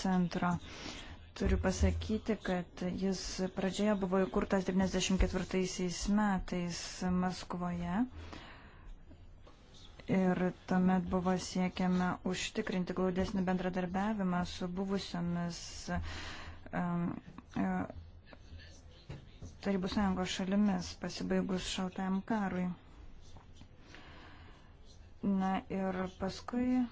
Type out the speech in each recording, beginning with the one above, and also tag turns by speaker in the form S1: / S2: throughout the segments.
S1: centro. Turiu pasakyti, kad jis pradžioje buvo įkurtas 94 metais Maskvoje. Ir tuomet buvo siekiama užtikrinti glaudesnį bendradarbiavimą su buvusiomis um, e, Tarybų sąjungos šalimis pasibaigus šaltajam karui. Na ir paskui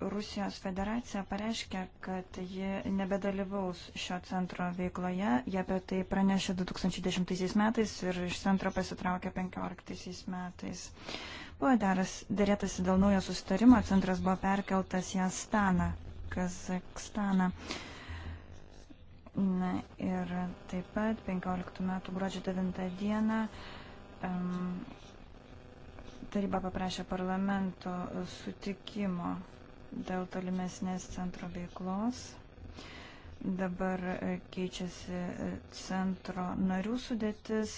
S1: Rusijos federacija pareiškė, kad ji nebedalyvaus šio centro veikloje. Jie apie tai pranešė 2010 metais ir iš centro pasitraukė 2015 metais. Buvo daras, dėrėtasi dėl naujo sustarimo, centras buvo perkeltas į Astaną, Kazakstaną. Na, ir taip pat 15 metų gruodžio 9 dieną um, taryba paprašė parlamento sutikimo dėl tolimesnės centro veiklos. Dabar e, keičiasi e, centro narių sudėtis,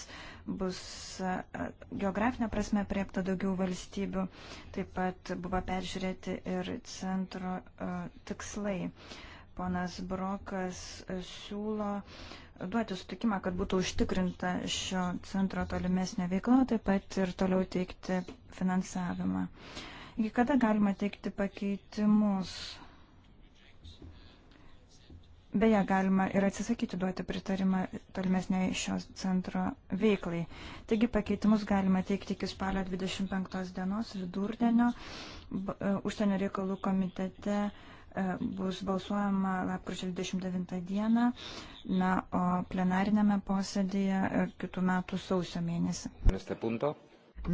S1: bus e, geografinė prasme priepta daugiau valstybių, taip pat buvo peržiūrėti ir centro tikslai. Ponas Brokas siūlo duoti sutikimą, kad būtų užtikrinta šio centro tolimesnė veikla, taip pat ir toliau teikti finansavimą. Uh, Į kada galima teikti pakeitimus? Beje, galima ir atsisakyti duoti pritarimą tolimesniai šios centro veiklai. Taigi pakeitimus galima teikti iki spalio 25 dienos vidurdienio. E, užsienio reikalų komitete e, bus balsuojama lapkričio 29 dieną, na, o plenarinėme posėdėje e, kitų metų sausio mėnesį.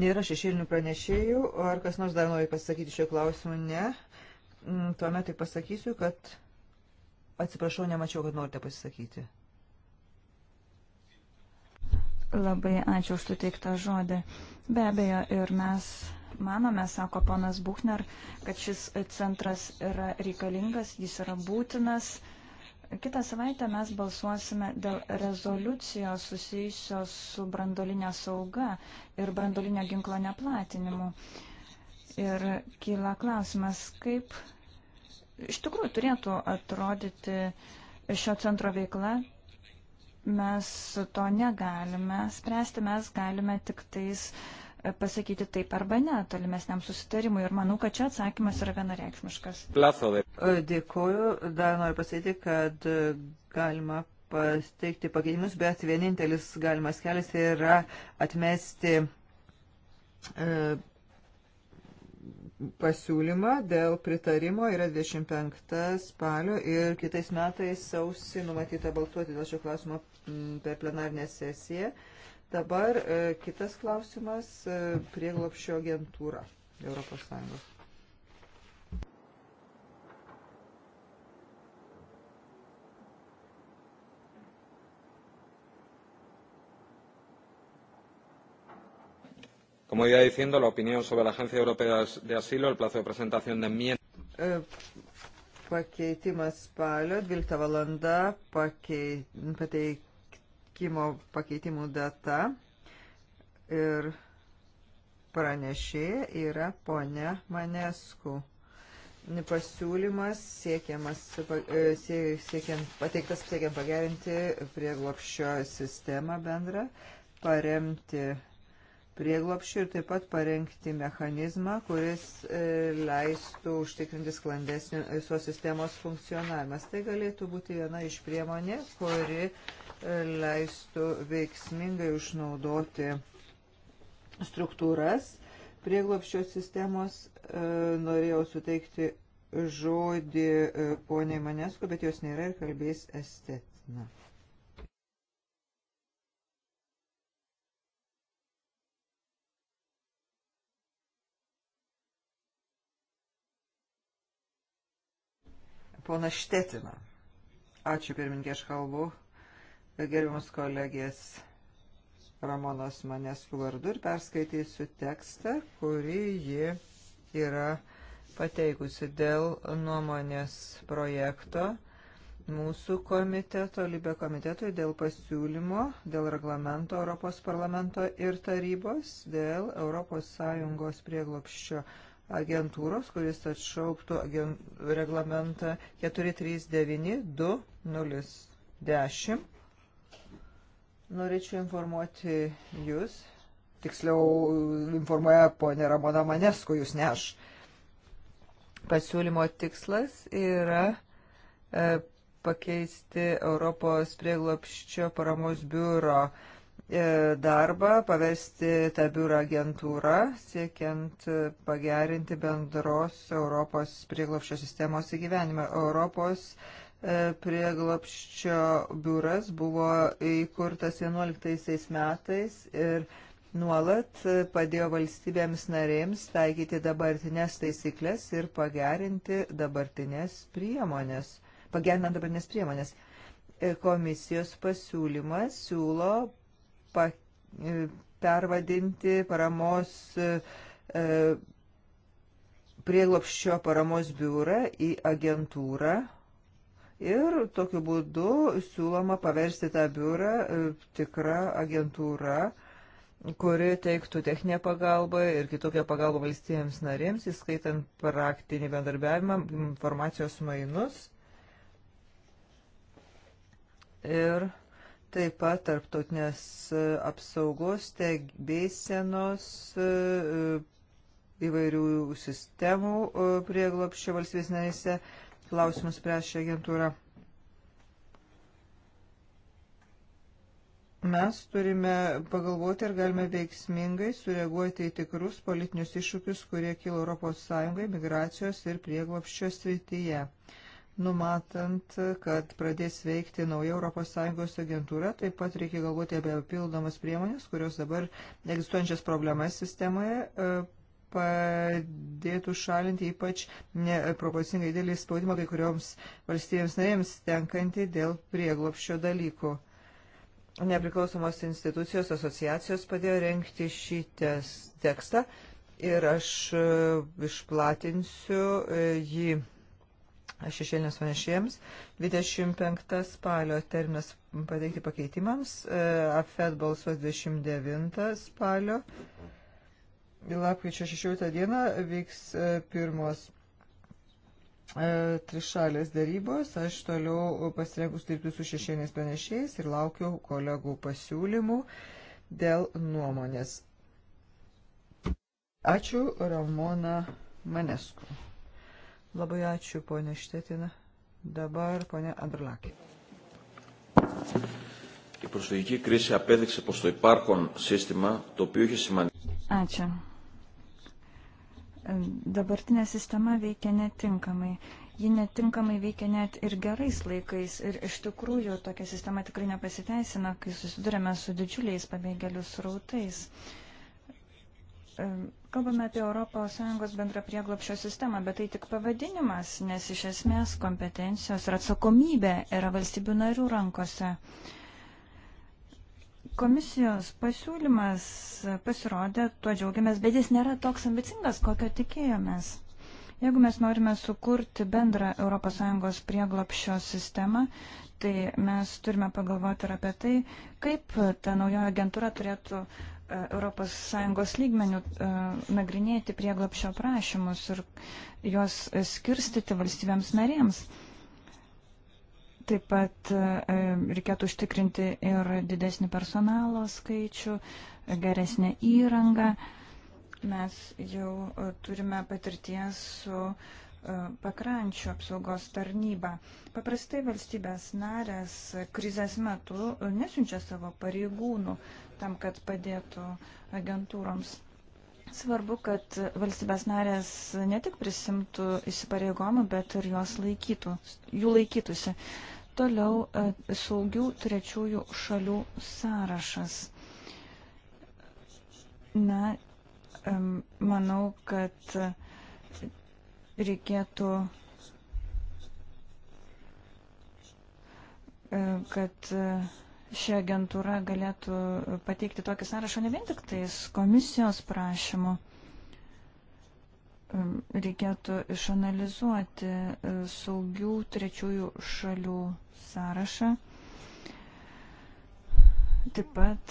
S2: Nėra šešėlinių pranešėjų, ar kas nors dar nori pasakyti šio klausimu? Ne. Mm, tuomet tik pasakysiu, kad atsiprašau, nemačiau, kad norite pasisakyti.
S1: Labai ačiū už suteiktą žodį. Be abejo, ir mes manome, sako ponas Buchner, kad šis centras yra reikalingas, jis yra būtinas Kitą savaitę mes balsuosime dėl rezoliucijos susijusios su brandolinė sauga ir brandolinio ginklo neplatinimu. Ir kyla klausimas, kaip iš tikrųjų turėtų atrodyti šio centro veikla. Mes to negalime spręsti, mes galime tik tais pasakyti taip arba ne tolimesniam susitarimui. Ir manau, kad čia atsakymas yra vienareikšmiškas.
S2: E, Dėkuoju. Dar noriu pasakyti, kad e, galima pasteikti pakeitimus, bet vienintelis galimas kelias yra atmesti e, pasiūlymą dėl pritarimo yra 25 spalio ir kitais metais sausi numatyta balsuoti dėl šio klausimo per plenarinę sesiją. E, Dabar e, kitas klausimas e, - prieglopščio agentūra Europos Sąjungos.
S3: Como iba diciendo, la opinión sobre la Agencia Europea de Asilo, el plazo de presentación de enmiendas.
S2: E, pakeitimas spalio 12 valanda, pakei, pateik, pateikimo pakeitimų data ir pranešėja yra ponia Manesku. Pasiūlymas siekiamas, e, siekiant, pateiktas siekiant pagerinti prieglopščio sistemą bendrą, paremti prieglopščių ir taip pat parengti mechanizmą, kuris e, leistų užtikrinti sklandesnį visos sistemos funkcionavimas. Tai galėtų būti viena iš priemonė, kuri e, leistų veiksmingai išnaudoti struktūras prieglopščio sistemos. E, norėjau suteikti žodį poniai Manesku, bet jos nėra ir kalbės estetina. Pona Štetina. Ačiū pirmininkė, aš kalbu. Gerbiamas kolegės Ramonas manęs vardu ir perskaitysiu tekstą, kurį ji yra pateikusi dėl nuomonės projekto mūsų komiteto, Libė komitetui, dėl pasiūlymo, dėl reglamento Europos parlamento ir tarybos, dėl ES prieglopščio agentūros, kuris atšauktų agen... reglamentą 439-2010. Norėčiau informuoti jūs, tiksliau informuoja ponė Ramona Manesko, jūs ne aš. Pasiūlymo tikslas yra e, pakeisti Europos prieglopščio paramos biuro e, E, darbą paversti tą biurą agentūrą, siekiant e, pagerinti bendros Europos prieglopščio sistemos įgyvenimą. Europos e, prieglopščio biuras buvo įkurtas 11 metais ir nuolat padėjo valstybėms narėms taikyti dabartinės taisyklės ir pagerinti dabartinės priemonės. Pagerinant dabartinės priemonės. Komisijos pasiūlymas siūlo pa, e, pervadinti paramos e, e, prieglopščio paramos biurą į agentūrą ir tokiu būdu siūloma paversti tą biurą tikrą agentūrą kuri teiktų techninę pagalbą ir kitokią pagalbą valstybėms narėms, įskaitant praktinį bendarbiavimą, informacijos mainus. Ir taip pat tarptautinės e, apsaugos, stebėsenos e, e, įvairių sistemų prieglopščio valstybės narėse klausimus prieš agentūrą. Mes turime pagalvoti, ar galime veiksmingai sureaguoti į tikrus politinius iššūkius, kurie kilo ES migracijos ir prieglopščio srityje numatant, kad pradės veikti nauja ES agentūra, taip pat reikia galvoti apie papildomas priemonės, kurios dabar egzistuojančias problemas sistemoje e, padėtų šalinti ypač neproporcingai didelį spaudimą kai kurioms valstybėms narėms tenkantį dėl prieglopščio dalykų. Nepriklausomos institucijos asociacijos padėjo renkti šį tekstą ir aš e, išplatinsiu e, jį šešėlinės pranešėjams. 25 spalio terminas pateikti pakeitimams. E, AFED balsuos 29 spalio. Lapkričio 16 dieną vyks e, pirmos e, trišalės darybos. Aš toliau pasirengus dirbti su šešėliniais pranešėjais ir laukiu kolegų pasiūlymų dėl nuomonės. Ačiū Ramona Manesku. Labai ačiū, ponė Štetina. Dabar ponė Andrlakė.
S3: Η προσφυγική κρίση
S1: απέδειξε πως το υπάρχον σύστημα, το οποίο είχε σημαντικό... Ačiū. Dabartinė sistema veikia netinkamai. Ji netinkamai veikia net ir gerais laikais. Ir iš tikrųjų tokia sistema tikrai nepasiteisina, kai susidurėme su didžiuliais pabėgėlių srautais. Uh, Kalbame apie ES bendrą prieglopšio sistemą, bet tai tik pavadinimas, nes iš esmės kompetencijos ir atsakomybė yra valstybių narių rankose. Komisijos pasiūlymas pasirodė, tuo džiaugiamės, bet jis nėra toks ambicingas, kokio tikėjomės. Jeigu mes norime sukurti bendrą ES prieglopšio sistemą, tai mes turime pagalvoti ir apie tai, kaip ta naujoja agentūra turėtų uh, ES lygmenių e, nagrinėti prieglapšio prašymus ir juos skirstyti valstybėms narėms. Taip pat e, e, reikėtų užtikrinti ir didesnį personalo skaičių, geresnę įrangą. Mes jau turime patirties su uh, E, pakrančių apsaugos tarnybą. Paprastai valstybės narės krizės metu nesiunčia savo pareigūnų tam, kad padėtų agentūroms. Svarbu, kad valstybės narės ne tik prisimtų įsipareigomų, bet ir juos laikytų, jų laikytųsi. Toliau e, saugių trečiųjų šalių sąrašas. Na, manau, kad reikėtų, e, kad e, ši agentūra galėtų pateikti tokį sąrašą ne vien tik tais komisijos prašymu. E, reikėtų išanalizuoti saugių trečiųjų šalių sąrašą. Taip pat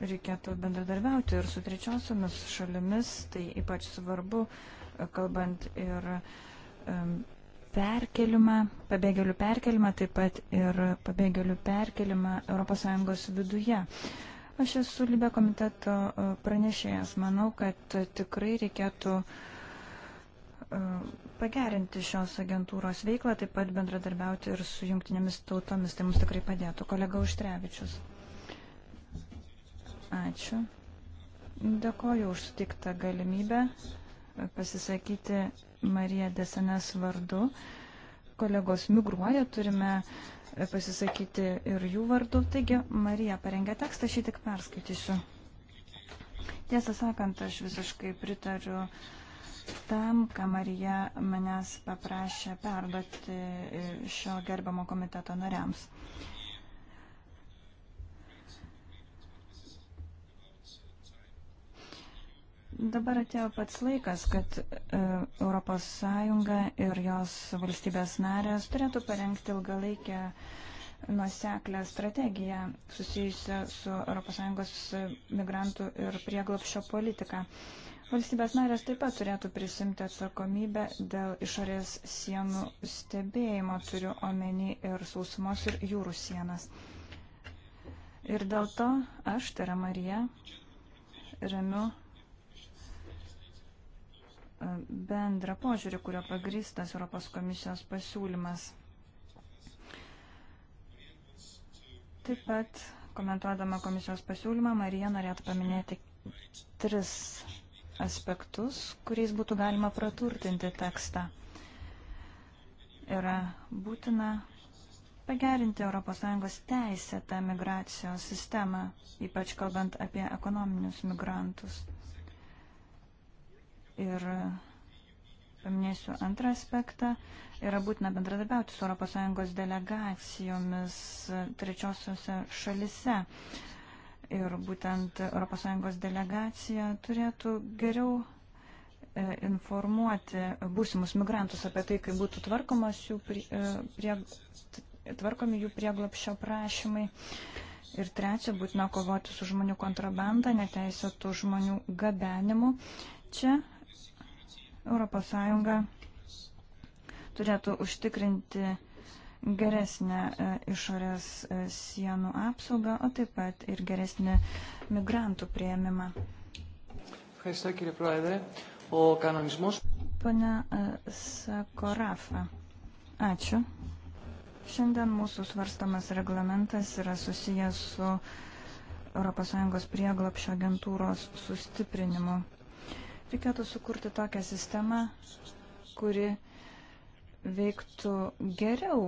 S1: reikėtų bendradarbiauti ir su trečiosiomis šalimis, tai ypač svarbu uh, kalbant ir perkelimą, pabėgėlių perkelimą, taip pat ir pabėgėlių perkelimą ES viduje. Aš esu Libė komiteto e, pranešėjas. Manau, kad tikrai reikėtų e, pagerinti šios agentūros veiklą, taip pat bendradarbiauti ir su jungtinėmis tautomis. Tai mums tikrai padėtų. Kolega Užtrevičius. Ačiū. Dėkoju už sutiktą galimybę pasisakyti Marija Desenes vardu. Kolegos migruoja, turime pasisakyti ir jų vardu. Taigi, Marija parengė tekstą, aš jį tik perskaitysiu. Tiesą sakant, aš visiškai pritariu tam, ką Marija manęs paprašė perduoti šio gerbiamo komiteto nariams. Dabar atėjo pats laikas, kad ES ir jos valstybės narės turėtų parengti ilgalaikę nuoseklę strategiją susijusią su ES migrantų ir prieglapšio politika. Valstybės narės taip pat turėtų prisimti atsakomybę dėl išorės sienų stebėjimo, turiu omeny ir sausumos ir jūrų sienas. Ir dėl to aš, tai yra Marija, remiu bendrą požiūrį, kurio pagristas Europos komisijos pasiūlymas. Taip pat, komentuodama komisijos pasiūlymą, Marija norėtų paminėti tris aspektus, kuriais būtų galima praturtinti tekstą. Yra būtina pagerinti ES teisę tą migracijos sistemą, ypač kalbant apie ekonominius migrantus. Ir paminėsiu antrą aspektą. Yra būtina bendradarbiauti su ES delegacijomis trečiosiuose šalise. Ir būtent ES delegacija turėtų geriau e, informuoti būsimus migrantus apie tai, kaip būtų jų prie, e, prie, tvarkomi jų prieglapšio prašymai. Ir trečia, būtina kovoti su žmonių kontrabanda, neteisėtų žmonių gabenimu. Čia ES turėtų užtikrinti geresnę e, išorės e, sienų apsaugą, o taip pat ir geresnį migrantų prieimimą. Pane e, Sakorafa, ačiū. Šiandien mūsų svarstamas reglamentas yra susijęs su ES prieglapšio agentūros sustiprinimu. Reikėtų sukurti tokią sistemą, kuri veiktų geriau,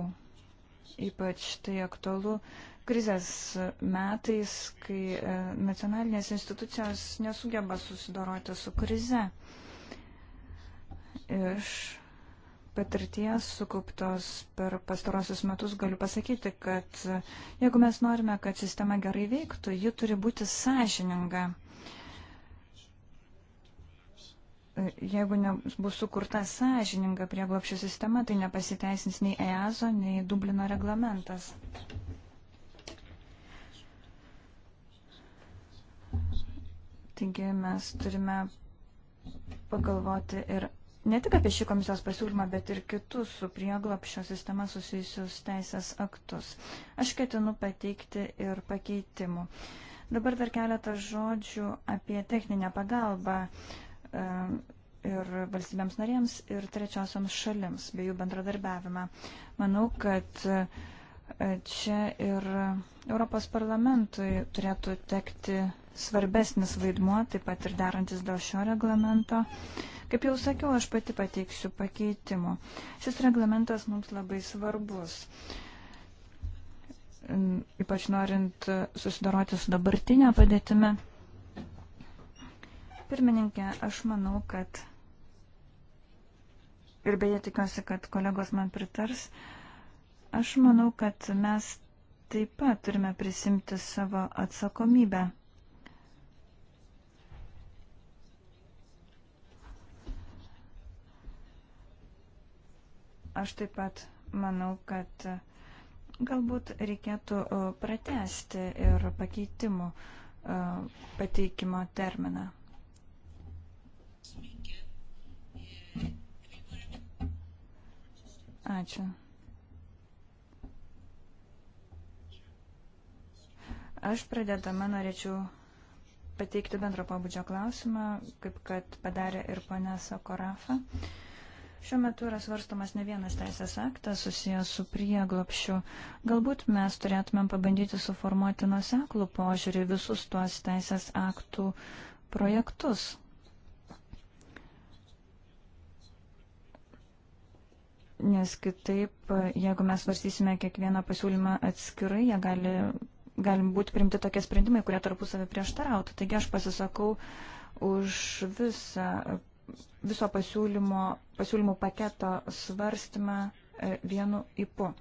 S1: ypač tai aktualu krizės metais, kai e, nacionalinės institucijos nesugeba susidoroti su krize. Iš patirties sukauptos per pastarosius metus galiu pasakyti, kad e, jeigu mes norime, kad sistema gerai veiktų, ji turi būti sąžininga. jeigu bus sukurta sąžininga prieglopščio sistema, tai nepasiteisins nei EASO, nei Dublino reglamentas. Taigi mes turime pagalvoti ir ne tik apie šį komisijos pasiūlymą, bet ir kitus su prieglopščio sistema susijusius teisės aktus. Aš ketinu pateikti ir pakeitimų. Dabar dar keletą žodžių apie techninę pagalbą. Uh, E, ir valstybėms narėms, ir trečiosioms šalims bei jų bendradarbiavimą. Manau, kad e, čia ir Europos parlamentui turėtų tekti svarbesnis vaidmuo, taip pat ir derantis dėl šio reglamento. Kaip jau sakiau, aš pati pateiksiu pakeitimų. Šis reglamentas mums labai svarbus, ypač norint susidoroti su dabartinė padėtime pirmininkė, aš manau, kad ir beje tikiuosi, kad kolegos man pritars, aš manau, kad mes taip pat turime prisimti savo atsakomybę. Aš taip pat manau, kad galbūt reikėtų pratesti ir pakeitimų pateikimo terminą. Ačiū. Aš pradedama norėčiau pateikti bendro pabudžio klausimą, kaip kad padarė ir ponė Sakorafa. Šiuo metu yra svarstomas ne vienas teisės aktas susijęs su prieglopšiu. Galbūt mes turėtumėm pabandyti suformuoti nuoseklų požiūrį visus tuos teisės aktų projektus. nes kitaip, jeigu mes svarstysime kiekvieną pasiūlymą atskirai, jie gali, gali būti primti tokie sprendimai, kurie tarpusavį prieštarautų. Taigi aš pasisakau už visą, viso pasiūlymo, pasiūlymų paketo svarstymą e, vienu ipu.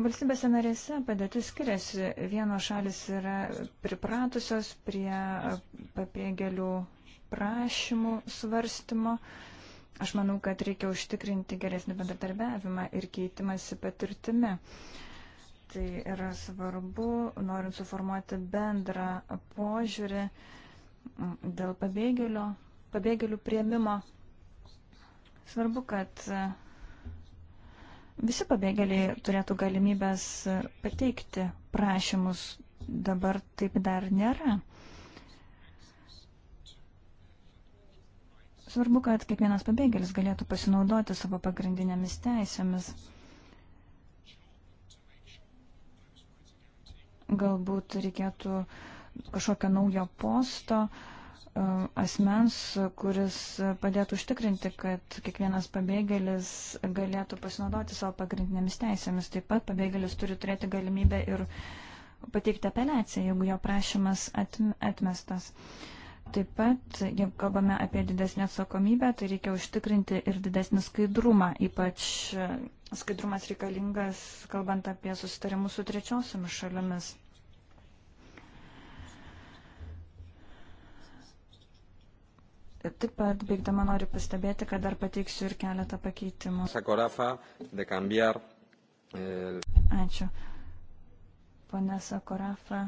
S1: Valstybėse narėse padėtis skiriasi. Vienos šalis yra pripratusios prie pabėgėlių prašymų svarstymo Aš manau, kad reikia užtikrinti geresnį bendradarbiavimą ir keitimąsi patirtimi. Tai yra svarbu, norint suformuoti bendrą požiūrį dėl pabėgėlio, pabėgėlių prieimimo. Svarbu, kad visi pabėgėliai turėtų galimybės pateikti prašymus. Dabar taip dar nėra. Svarbu, kad kiekvienas pabėgėlis galėtų pasinaudoti savo pagrindinėmis teisėmis. Galbūt reikėtų kažkokio naujo posto e, asmens, kuris padėtų užtikrinti, kad kiekvienas pabėgėlis galėtų pasinaudoti savo pagrindinėmis teisėmis. Taip pat pabėgėlis turi turėti galimybę ir pateikti apeliaciją, jeigu jo prašymas atmestas. Uh, Taip pat, jeigu kalbame apie didesnį atsakomybę, tai reikia užtikrinti ir didesnį skaidrumą, ypač e, skaidrumas reikalingas, kalbant apie susitarimus su trečiosiomis šalimis. Taip pat, baigdama, noriu pastebėti, kad dar pateiksiu ir keletą pakeitimų. Ačiū. Pone Sakorafa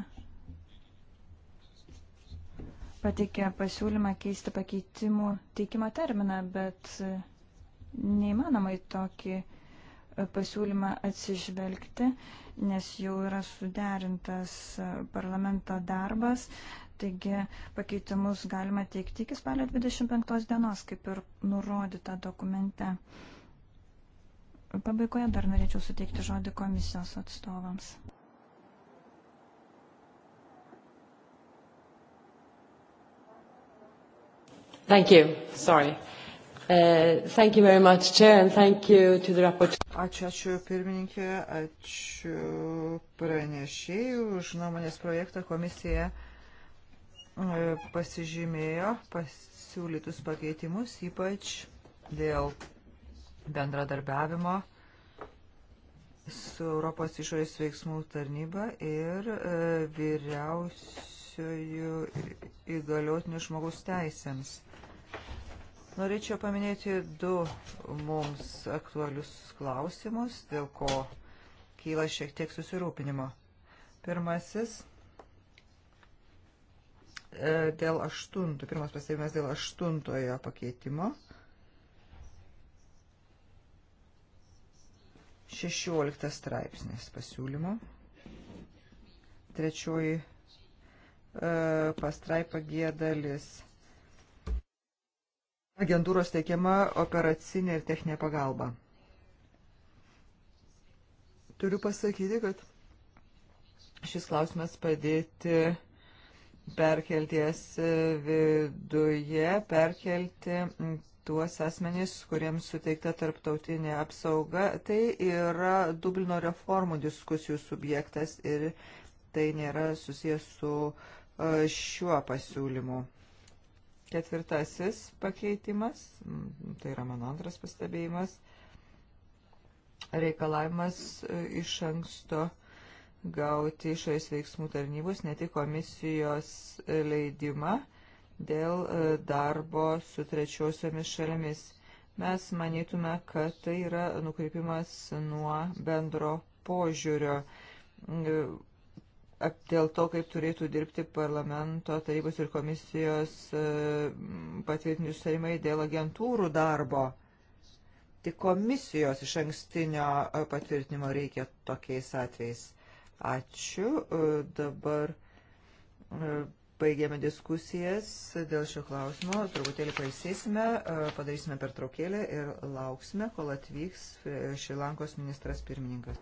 S1: pateikė pasiūlymą keisti pakeitimų teikimo terminą, bet neįmanoma į tokį e, pasiūlymą atsižvelgti, nes jau yra suderintas e, parlamento darbas. Taigi pakeitimus galima teikti iki spalio 25 dienos, kaip ir nurodyta dokumente. Pabaigoje dar norėčiau suteikti žodį komisijos atstovams.
S4: Thank you. Sorry. Uh, thank you very much, Chair, and thank you to the rapporteur.
S2: Ačiū, ačiū pirmininkė, ačiū pranešėjų už nuomonės projektą komisija uh, pasižymėjo pasiūlytus pakeitimus, ypač dėl bendradarbiavimo su Europos išorės veiksmų tarnyba ir uh, vyriausiųjų įgaliotinių žmogus teisėms. Norėčiau paminėti du mums aktualius klausimus, dėl ko kyla šiek tiek susirūpinimo. Pirmasis e, dėl aštuntų, pirmas pastebėjimas dėl aštuntojo pakeitimo. 16 straipsnis pasiūlymo. Trečioji e, pastraipa G dalis agentūros teikiama operacinė ir techninė pagalba. Turiu pasakyti, kad šis klausimas padėti perkelties viduje, perkelti tuos asmenys, kuriems suteikta tarptautinė apsauga. Tai yra Dublino reformų diskusijų subjektas ir tai nėra susijęs su e, šiuo pasiūlymu. Ketvirtasis pakeitimas, tai yra mano antras pastebėjimas, reikalavimas e, iš anksto gauti išorės veiksmų tarnybos, ne tik komisijos leidimą dėl e, darbo su trečiosiomis šalimis. Mes manytume, kad tai yra nukreipimas nuo bendro požiūrio e, dėl to, kaip turėtų dirbti parlamento tarybos ir komisijos e, patvirtinti sutarimai dėl agentūrų darbo. Tik komisijos iš ankstinio e, patvirtinimo reikia tokiais atvejais. Ačiū. E, dabar baigėme diskusijas dėl šio klausimo. Truputėlį pailsėsime, padarysime pertraukėlę ir lauksime, kol atvyks Šilankos ministras pirmininkas.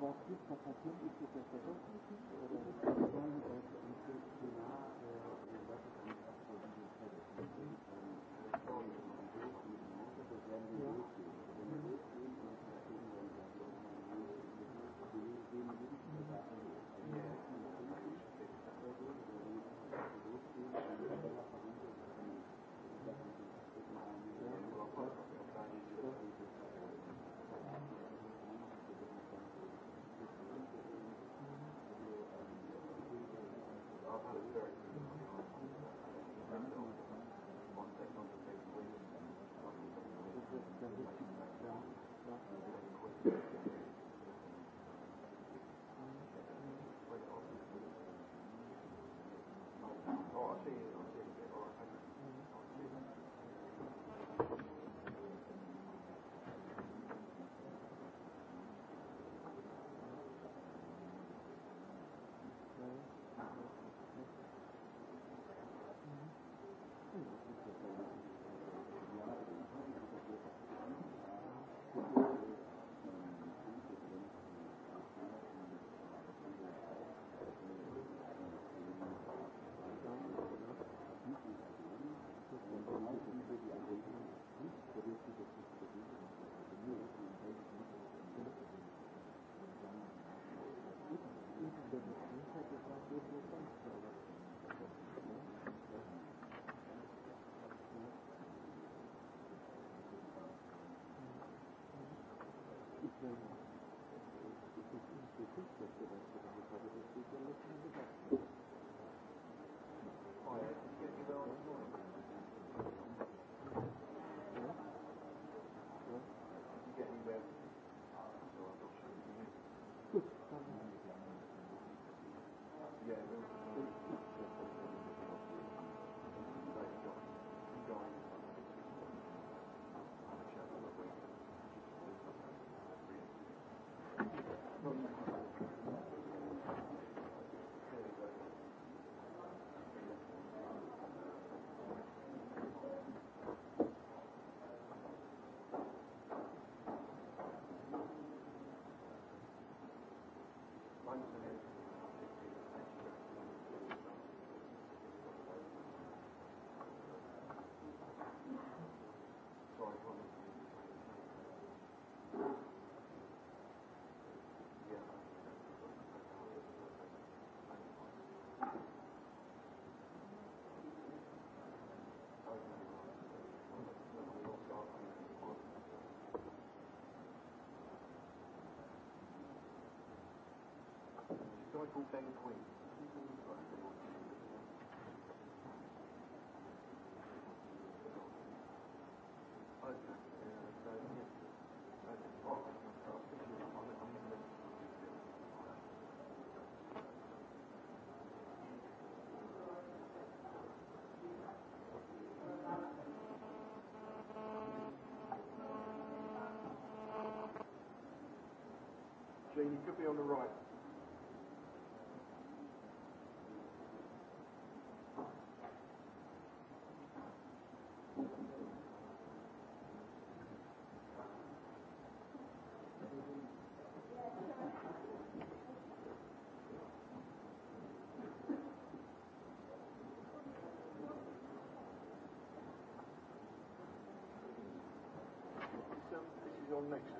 S3: War Kriegskatastrophe ist das der Versuch, oder ist das dann, äh, two days wait. Jane, you could be on the right. your next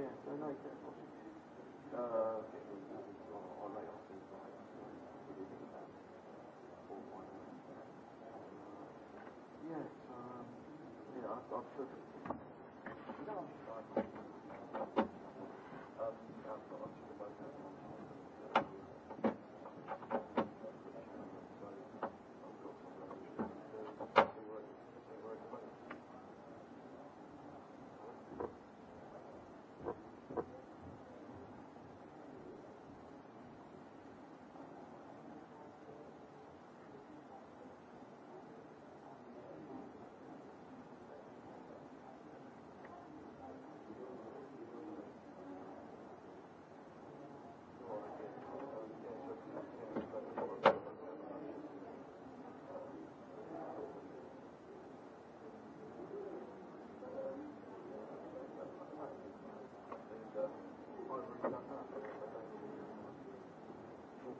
S3: Yeah, no, no, exactly. Uh, yes, um, yeah, I've, I've sort of... No, I'm sorry.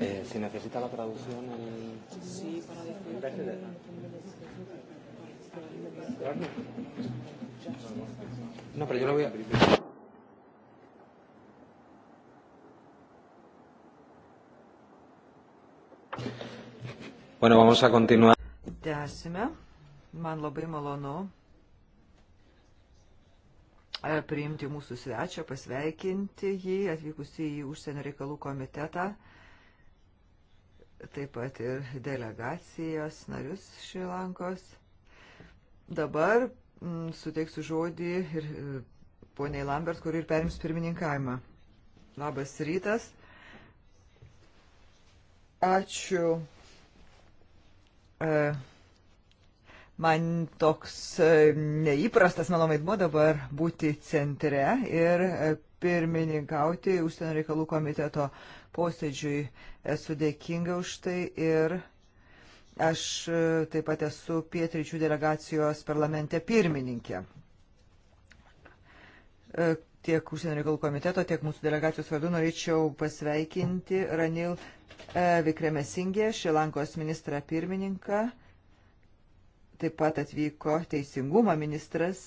S3: Eh, si necesita la traducción. El... Eh.
S1: Sí, para decir.
S2: No, pero yo lo voy a. Bueno, vamos a continuar. Tęsime. Man labai malonu E, priimti mūsų svečią, pasveikinti jį, atvykusi į užsienio reikalų komitetą, taip pat ir delegacijos narius Šilankos. Dabar m, suteiksiu žodį ir e, poniai Lambert, kuri ir perims pirmininkavimą. Labas rytas. Ačiū. E, Man toks e, neįprastas mano vaidmo dabar būti centre ir e, pirmininkauti užsienio reikalų komiteto posėdžiui. Esu dėkinga už tai ir aš e, taip pat esu pietryčių delegacijos parlamente pirmininkė. Tiek užsienio reikalų komiteto, tiek mūsų delegacijos vardu norėčiau pasveikinti Ranil Vikremesingė, Šilankos ministrą pirmininką Taip pat atvyko teisingumo ministras,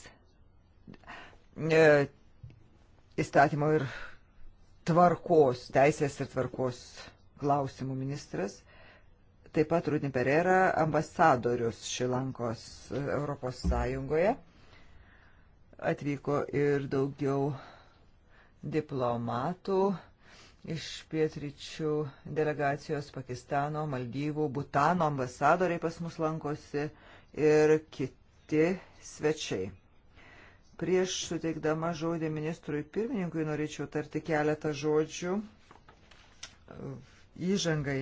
S2: e, įstatymo ir tvarkos, teisės ir tvarkos klausimų ministras. Taip pat Rudin Perera, ambasadorius Šilankos Europos Sąjungoje. Atvyko ir daugiau diplomatų iš pietryčių delegacijos Pakistano, Maldyvų, Butano ambasadoriai pas mus lankosi. Uh, ir kiti svečiai. Prieš suteikdama žodį ministrui pirmininkui norėčiau tarti keletą žodžių įžangai.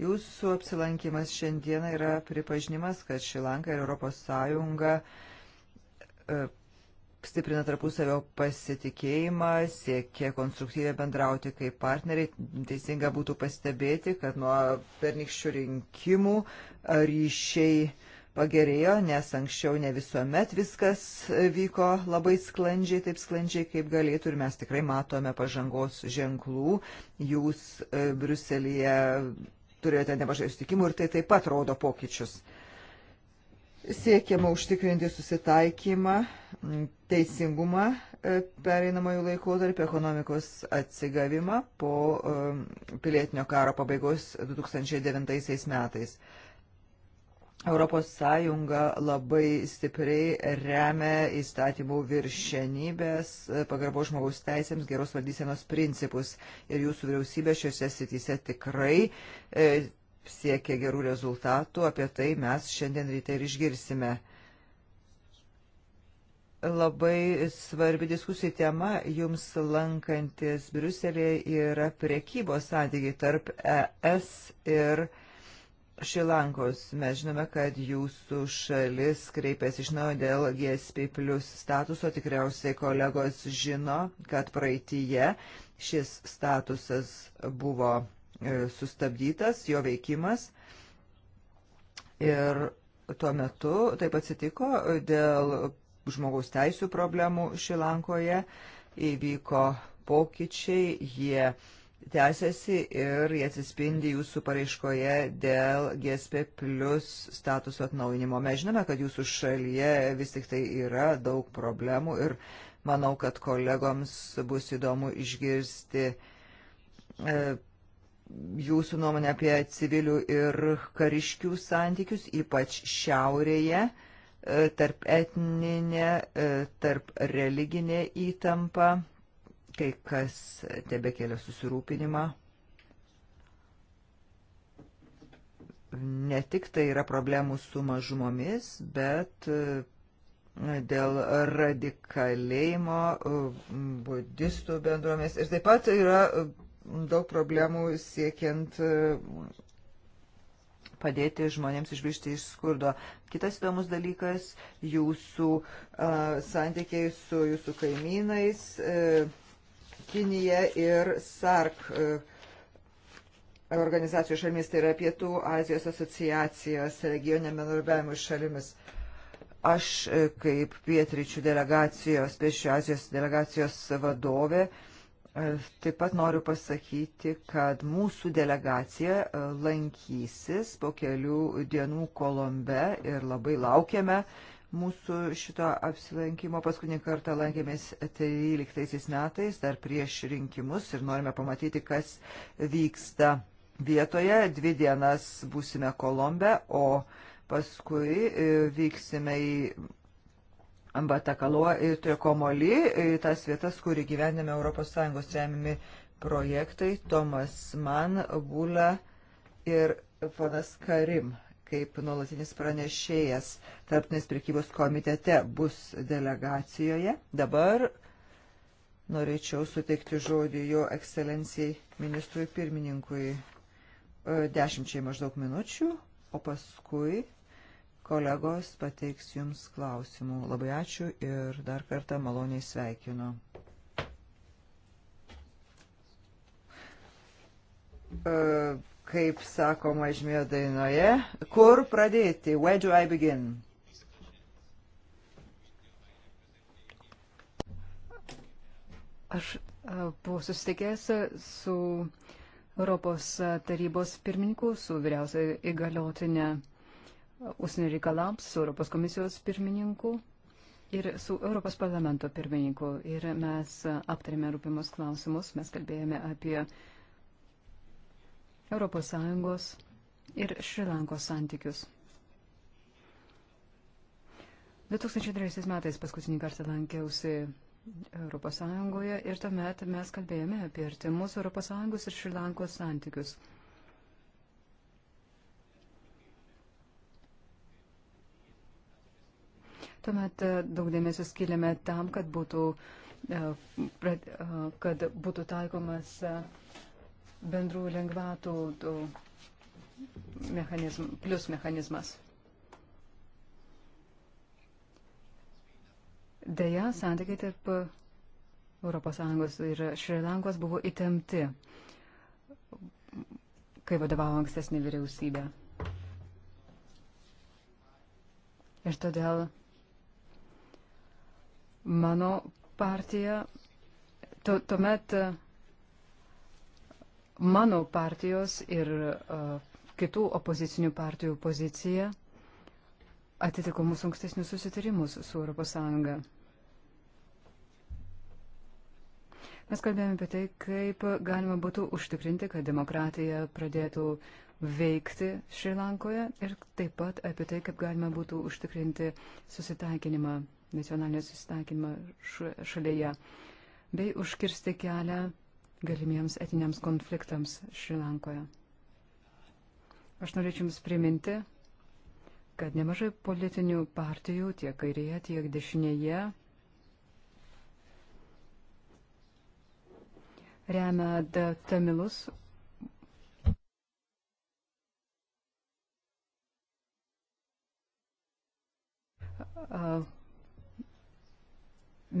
S2: Jūsų apsilankimas šiandieną yra pripažinimas, kad Šilanka ir Europos Sąjunga e, stiprina tarpusavio pasitikėjimą, siekia konstruktyviai bendrauti kaip partneriai. Teisinga būtų pastebėti, kad nuo pernikščių rinkimų ryšiai pagerėjo, nes anksčiau ne visuomet viskas vyko labai sklandžiai, taip sklandžiai, kaip galėtų ir mes tikrai matome pažangos ženklų. Jūs e, Bruselėje turėjote nemažai sutikimų ir tai taip pat rodo pokyčius. Siekiama užtikrinti susitaikymą, teisingumą e, pereinamojų laikotarpį, ekonomikos atsigavimą po e, pilietinio karo pabaigos 2009 metais. Europos Sąjunga labai stipriai remia įstatymų viršenybės, pagarbo žmogaus teisėms, geros valdysenos principus. Ir jūsų vyriausybė šiuose sityse tikrai e, siekia gerų rezultatų, apie tai mes šiandien ryte ir išgirsime. Labai svarbi diskusijų tema jums lankantis Briuselėje yra priekybos santykiai tarp ES ir ES Šilankos. Mes žinome, kad jūsų šalis kreipėsi iš naujo dėl GSP plus statuso. Tikriausiai kolegos žino, kad praeitie šis statusas buvo e, sustabdytas, jo veikimas. Ir tuo metu taip atsitiko dėl žmogaus teisų problemų Šilankoje. Įvyko pokyčiai, jie tęsiasi ir jie atsispindi jūsų pareiškoje dėl GSP plus statuso atnaujinimo. Mes žinome, kad jūsų šalyje vis tik tai yra daug problemų ir manau, kad kolegoms bus įdomu išgirsti e, jūsų nuomonę apie civilių ir kariškių santykius, ypač šiaurėje, e, tarp etninė, e, tarp religinė įtampa kai kas tebe kelia susirūpinimą. Ne tik tai yra problemų su mažumomis, bet e, dėl radikalėjimo e, budistų bendruomės. Ir taip pat yra e, daug problemų siekiant padėti žmonėms išbrišti iš skurdo. Kitas įdomus dalykas - jūsų a, santykiai su jūsų kaimynais, a, Kinija ir SARK e, organizacijų šalimis, tai yra Pietų Azijos asociacijos regioninė bendradarbiavimo šalimis. Aš e, kaip pietryčių delegacijos, piešių Azijos delegacijos vadovė, e, taip pat noriu pasakyti, kad mūsų delegacija lankysis po kelių dienų Kolombe ir labai laukiame uh, Mūsų šito apsilankimo paskutinį kartą lankėmės 13 metais, dar prieš rinkimus ir norime pamatyti, kas vyksta vietoje. Dvi dienas būsime Kolombe, o paskui e, vyksime į Ambatakalo ir Turkomoli, tas vietas, kur įgyvendėme ES remiami projektai Tomas Man, Bula ir ponas Karim kaip nuolatinis pranešėjas Tarptinės prekybos komitete bus delegacijoje. Dabar norėčiau suteikti žodį jo ekscelencijai ministrui pirmininkui e, dešimčiai maždaug minučių, o paskui kolegos pateiks jums klausimų. Labai ačiū ir dar kartą maloniai sveikinu. Uh, kaip sakoma žmėjo dainoje, kur pradėti, where do I begin?
S4: Aš buvau susitikęs su Europos tarybos pirmininku, su vyriausiai įgaliotinė užsienio reikalams, su Europos komisijos pirmininku ir su Europos parlamento pirmininku. Ir mes aptarėme rūpimus klausimus, mes kalbėjome apie uh, ES ir Šrilankos santykius. 2003 metais paskutinį kartą lankiausi ES ir tuomet mes kalbėjome apie artimus ES ir Šrilankos santykius. Tuomet e, daug dėmesio skiriame tam, kad būtų, e, e, kad būtų taikomas bendrų lengvatų mechanizm, plus mechanizmas. Deja, santykiai tarp ES ir Šrilankos buvo įtempti, kai vadovavo ankstesnė vyriausybė. Ir todėl mano partija to, tuomet mano partijos ir e, kitų opozicinių partijų pozicija atitiko mūsų ankstesnius susitarimus su ES. Mes kalbėjome apie tai, kaip galima būtų užtikrinti, kad demokratija pradėtų veikti Šrilankoje ir taip pat apie tai, kaip galima būtų užtikrinti susitaikinimą, nacionalinį susitaikinimą šalyje, bei užkirsti kelią galimiems etiniams konfliktams Šrilankoje. Aš norėčiau Jums priminti, kad nemažai politinių partijų tiek kairėje, tiek dešinėje remia tamilus.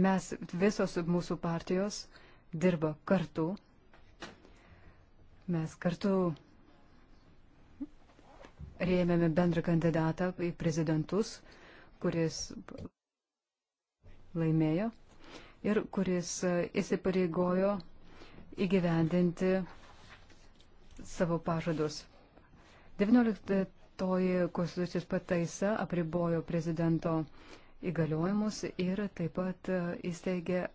S4: Mes visos mūsų partijos uh, dirba kartu. Mes kartu rėmėme bendrą kandidatą į prezidentus, kuris laimėjo ir kuris įsipareigojo įgyvendinti savo pažadus. 19 toji konstitucijos pataisa apribojo prezidento įgaliojimus ir taip pat įsteigė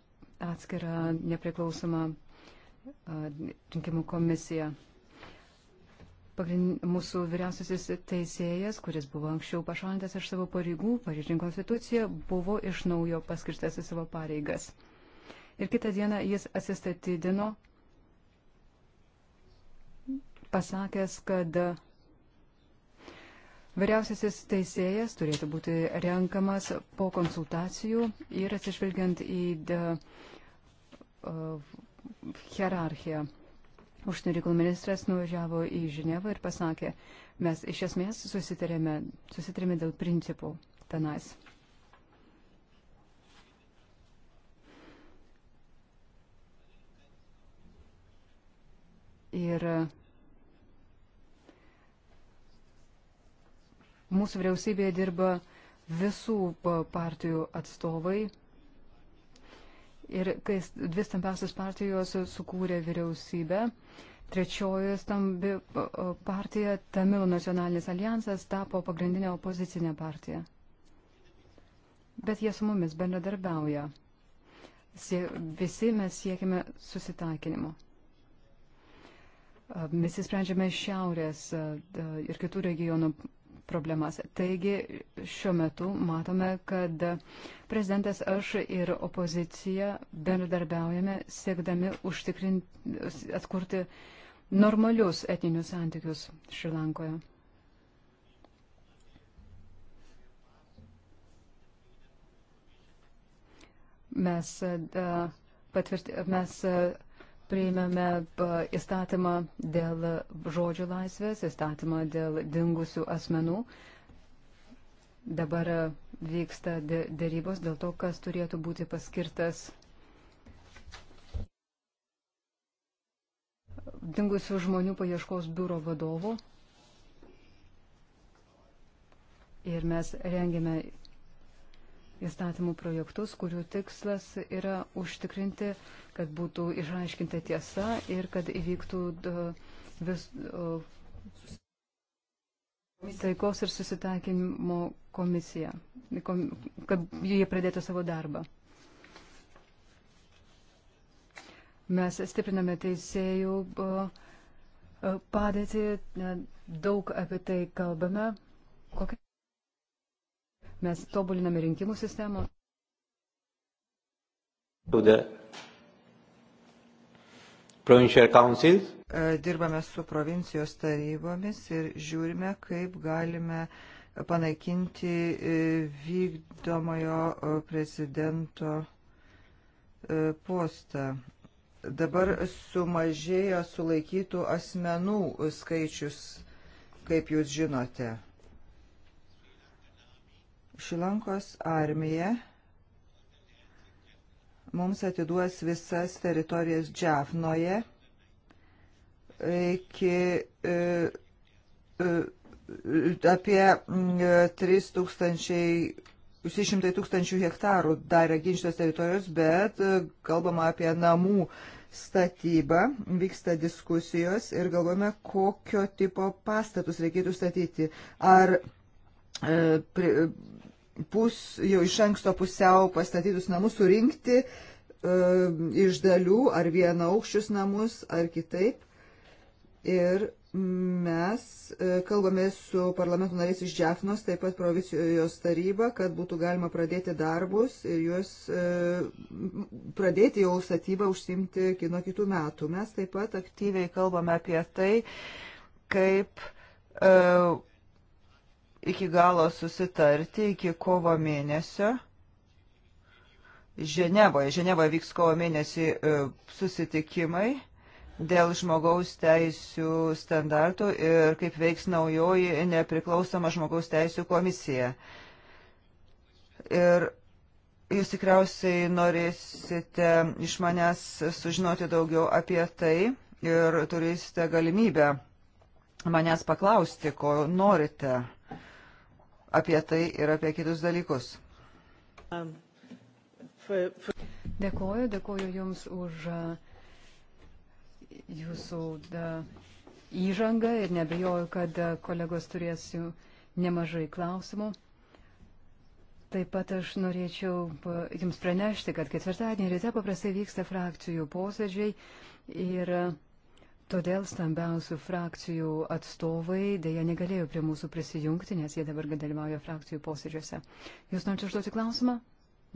S4: atskirą nepriklausomą rinkimų komisiją. Pagrind, mūsų vyriausiasis teisėjas, kuris buvo anksčiau pašalintas iš savo pareigų, pareižinkų konstitucija, buvo iš naujo paskirtas į savo pareigas. Ir kitą dieną jis atsistatydino, pasakęs, kad Vyriausiasis teisėjas turėtų būti renkamas po konsultacijų ir atsižvelgiant į de, uh, hierarchiją. Užsienio reikalų ministras nuvažiavo į Ženevą ir pasakė, mes iš esmės susitarėme, susitarėme dėl principų tenais. Ir uh, Mūsų vyriausybėje dirba visų partijų atstovai. Ir kai dvi stambiausios partijos sukūrė vyriausybę, trečioji stambi partija, Tamilų nacionalinis alijansas, tapo pagrindinė opozicinė partija. Bet jie su mumis bendradarbiauja. Visi mes siekime susitaikinimo. Mes įsprendžiame šiaurės ir kitų regionų problemas. Taigi šiuo metu matome, kad prezidentas aš ir opozicija bendradarbiaujame, siekdami atkurti normalius etninius santykius Šrilankoje. Mes, da, patvirti, mes priėmėme įstatymą dėl žodžio laisvės, įstatymą dėl dingusių asmenų. Dabar e, vyksta dėrybos dėl to, kas turėtų būti paskirtas dingusių žmonių paieškos biuro vadovu. Ir mes rengėme įstatymų projektus, kurių tikslas yra užtikrinti, kad būtų išaiškinta tiesa ir kad įvyktų vis, taikos ir susitaikymo komisija, kad jie pradėtų savo darbą. Mes stipriname teisėjų padėtį, daug apie tai kalbame. Kokia? Mes tobuliname rinkimų sistemą. E, dirbame su
S2: provincijos tarybomis ir žiūrime, kaip galime panaikinti e, vykdomojo e, prezidento postą. Dabar sumažėjo sulaikytų asmenų skaičius, kaip jūs žinote. Šilankos armija mums atiduos visas teritorijas Džafnoje iki e, e, apie 3 mm, e, tūkstančiai 600 tūkstančių hektarų dar yra ginčios teritorijos, bet e, kalbama apie namų statybą, vyksta diskusijos ir galvojame, kokio tipo pastatus reikėtų statyti. Ar e, pri, pus, jau iš anksto pusiau pastatytus namus surinkti e, iš dalių ar vienaaukščius namus ar kitaip. Ir mes e, kalbame su parlamento nariais iš Džefnos, taip pat provincijos taryba, kad būtų galima pradėti darbus ir juos e, pradėti jau statybą užsimti kino kitų metų. Mes taip pat aktyviai kalbame apie tai, kaip e, iki galo susitarti iki kovo mėnesio. Ženevoje, Ženevoje vyks kovo mėnesį e, susitikimai dėl žmogaus teisių standartų ir kaip veiks naujoji nepriklausoma žmogaus teisių komisija. Ir jūs tikriausiai norėsite iš manęs sužinoti daugiau apie tai ir turėsite galimybę manęs paklausti, ko norite apie tai ir apie kitus dalykus.
S4: Um, dėkoju, dėkoju Jums už uh, Jūsų įžangą ir nebejoju, kad uh, kolegos turės jų nemažai klausimų. Taip pat aš norėčiau Jums pranešti, kad ketvirtadienį ryte paprastai vyksta frakcijų posėdžiai ir Todėl stambiausių frakcijų atstovai dėja negalėjo prie mūsų prisijungti, nes jie dabar dalyvauja frakcijų posėdžiuose. Jūs norite užduoti klausimą?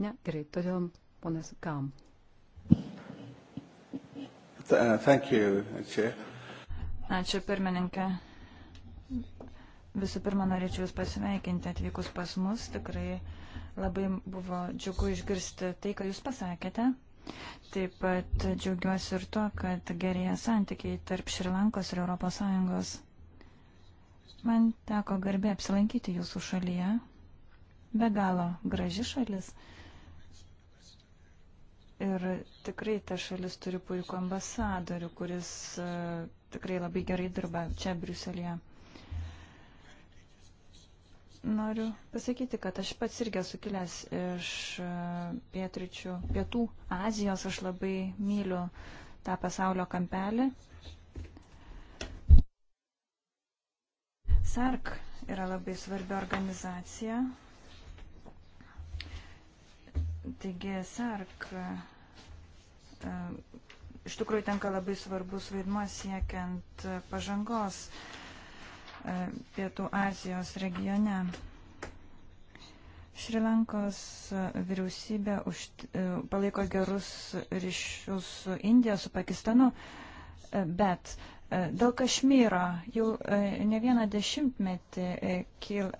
S4: Ne, gerai, todėl ponas Kam.
S3: Uh,
S4: Ačiū
S1: pirmininkė. Visų pirma, norėčiau Jūs pasveikinti atvykus pas mus. Tikrai labai buvo džiugu išgirsti tai, ką Jūs pasakėte. Taip pat džiaugiuosi ir tuo, kad gerėja santykiai tarp Šrilankos ir ES. Man teko garbė apsilankyti jūsų šalyje. Be galo graži šalis. Ir tikrai ta šalis turi puikų ambasadorių, kuris e, tikrai labai gerai dirba čia Briuselėje noriu pasakyti, kad aš pats irgi esu kilęs iš e, pietričių, pietų Azijos, aš labai myliu tą pasaulio kampelį. SARK yra labai svarbi organizacija. Taigi SARK e, iš tikrųjų tenka labai svarbus vaidmuo siekiant e, pažangos E, Pietų Azijos regione. Šrilankos vyriausybė už, e, palaiko gerus ryšius su Indija, su Pakistanu, e, bet dėl Kašmyro jau ne vieną dešimtmetį kil,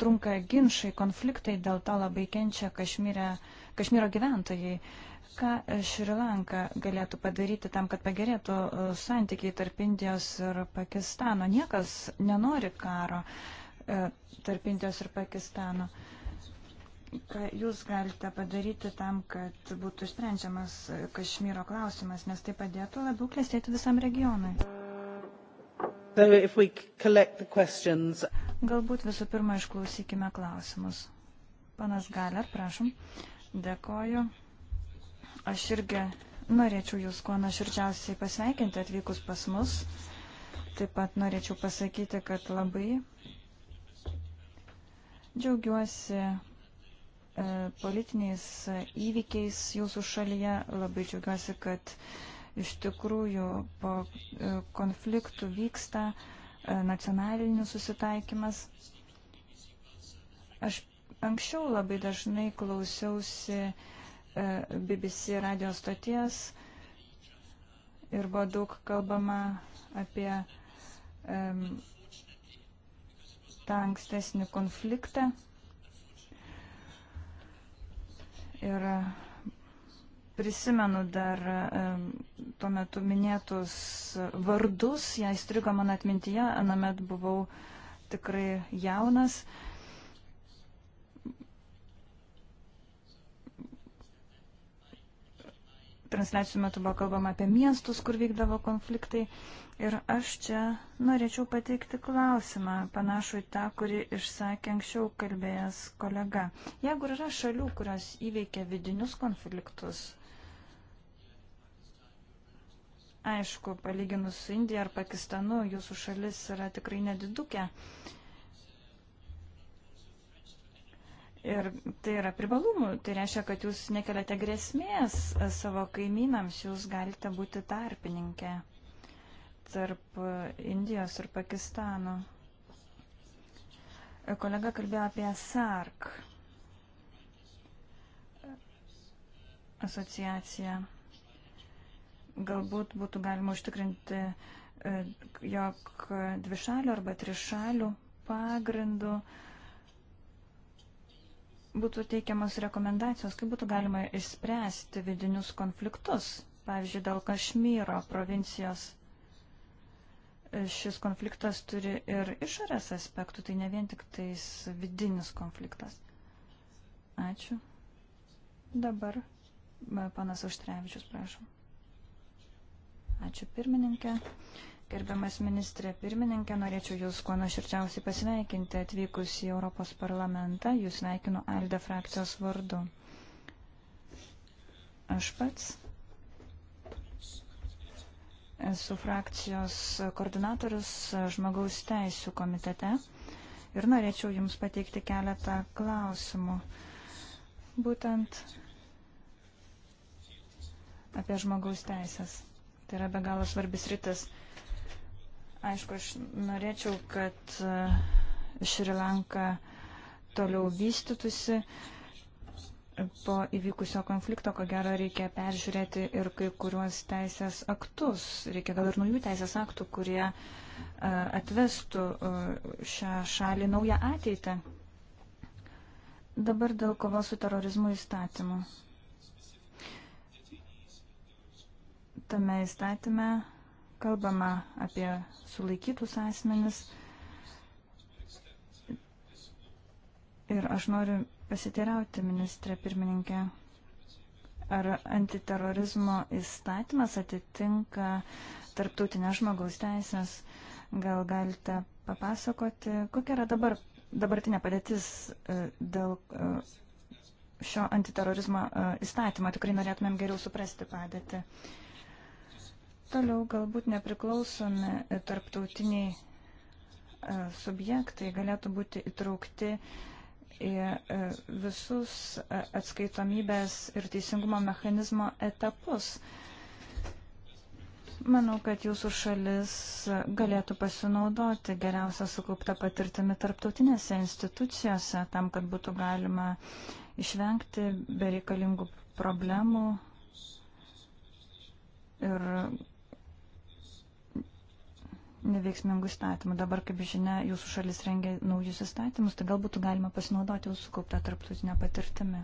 S1: trunka ginšai, konfliktai, dėl to labai kenčia Kašmyre, Kašmyro gyventojai. Ką Šri Lanka galėtų padaryti tam, kad pagerėtų e, santykiai tarp Indijos ir Pakistano? Niekas nenori karo e, tarp Indijos ir Pakistano. Ką jūs galite padaryti tam, kad būtų išsprendžiamas Kašmyro klausimas, nes tai padėtų labiau klestėti visam regionui? So Galbūt visų pirma išklausykime klausimus. Panas Galer, prašom. Dėkoju. Aš irgi norėčiau Jūs kuo nuoširdžiausiai pasveikinti atvykus pas mus. Taip pat norėčiau pasakyti, kad labai džiaugiuosi e, politiniais įvykiais jūsų šalyje. Labai džiaugiuosi, kad iš tikrųjų po e, konfliktų vyksta e, nacionalinis susitaikymas. Aš anksčiau labai dažnai klausiausi uh, E, BBC radio stoties ir buvo daug kalbama apie um, tą ankstesnį konfliktą. Ir prisimenu dar um, tuo metu minėtus vardus, jie įstrigo man atmintyje, anamet buvau tikrai jaunas. Uh, transliacijų metu buvo kalbama apie miestus, kur vykdavo konfliktai. Ir aš čia norėčiau pateikti klausimą, panašų į tą, kurį išsakė anksčiau kalbėjęs kolega. Jeigu yra šalių, kurios įveikia vidinius konfliktus, aišku, palyginus su Indija ar Pakistanu, jūsų šalis yra tikrai nedidukė. Uh, Ir tai yra privalumų, tai reiškia, kad jūs nekeliate grėsmės savo kaimynams, jūs galite būti tarpininkė tarp Indijos ir Pakistano. Kolega kalbėjo apie SARC asociaciją. Galbūt būtų galima užtikrinti, e, jog dvišalių arba trišalių pagrindų uh, būtų teikiamas rekomendacijos, kaip būtų galima išspręsti vidinius konfliktus, pavyzdžiui, dėl Kašmyro provincijos. E, šis konfliktas turi ir išorės aspektų, tai ne vien tik tais vidinis konfliktas. Ačiū. Dabar e, panas Užtrevičius, prašom. Ačiū pirmininkė. Gerbiamas ministrė pirmininkė, norėčiau Jūs kuo nuoširčiausiai pasveikinti atvykus į Europos parlamentą. Jūs sveikinu Alde frakcijos vardu. Aš pats esu frakcijos koordinatorius žmogaus teisų komitete ir norėčiau Jums pateikti keletą klausimų. Būtent apie žmogaus teisės. Tai yra be galo svarbis rytis. Aišku, aš norėčiau, kad e, Šri Lanka toliau vystytųsi. Po įvykusio konflikto, ko gero, reikia peržiūrėti ir kai kuriuos teisės aktus. Reikia gal ir naujų teisės aktų, kurie e, atvestų e, šią šalį naują ateitį. Dabar dėl kovos su terorizmu įstatymu. Tame įstatyme kalbama apie sulaikytus asmenis. Ir aš noriu pasiteirauti, ministrė pirmininkė, ar antiterorizmo įstatymas atitinka tarptautinės žmogaus teisės. Gal galite papasakoti, kokia yra dabar, dabartinė padėtis e, dėl e, šio antiterorizmo e, įstatymo. Tikrai norėtumėm geriau suprasti padėtį. Toliau galbūt nepriklausomi tarptautiniai e, subjektai galėtų būti įtraukti į e, visus e, atskaitomybės ir teisingumo mechanizmo etapus. Manau, kad jūsų šalis galėtų pasinaudoti geriausią sukauptą patirtimi tarptautinėse institucijose, tam, kad būtų galima išvengti bereikalingų problemų ir neveiksmingų įstatymų. Dabar, kaip žinia, jūsų šalis rengia naujus įstatymus, tai gal būtų galima pasinaudoti jūsų kauptą tarptautinę patirtimį.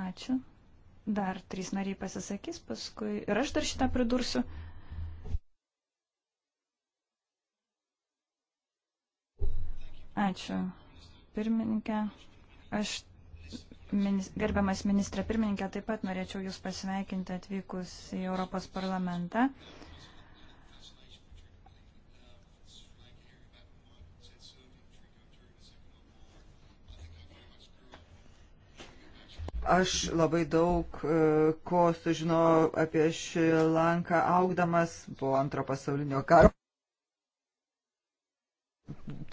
S1: Ačiū. Dar trys nariai pasisakys paskui. Ir aš dar šitą pridursiu. Ačiū, pirmininkė. Aš, minis, gerbiamas ministrė pirmininkė, taip pat norėčiau Jūs pasveikinti atvykus į Europos parlamentą. Uh,
S2: Aš labai daug e, ko sužinojau apie Šri Lanką augdamas po antro pasaulinio karo.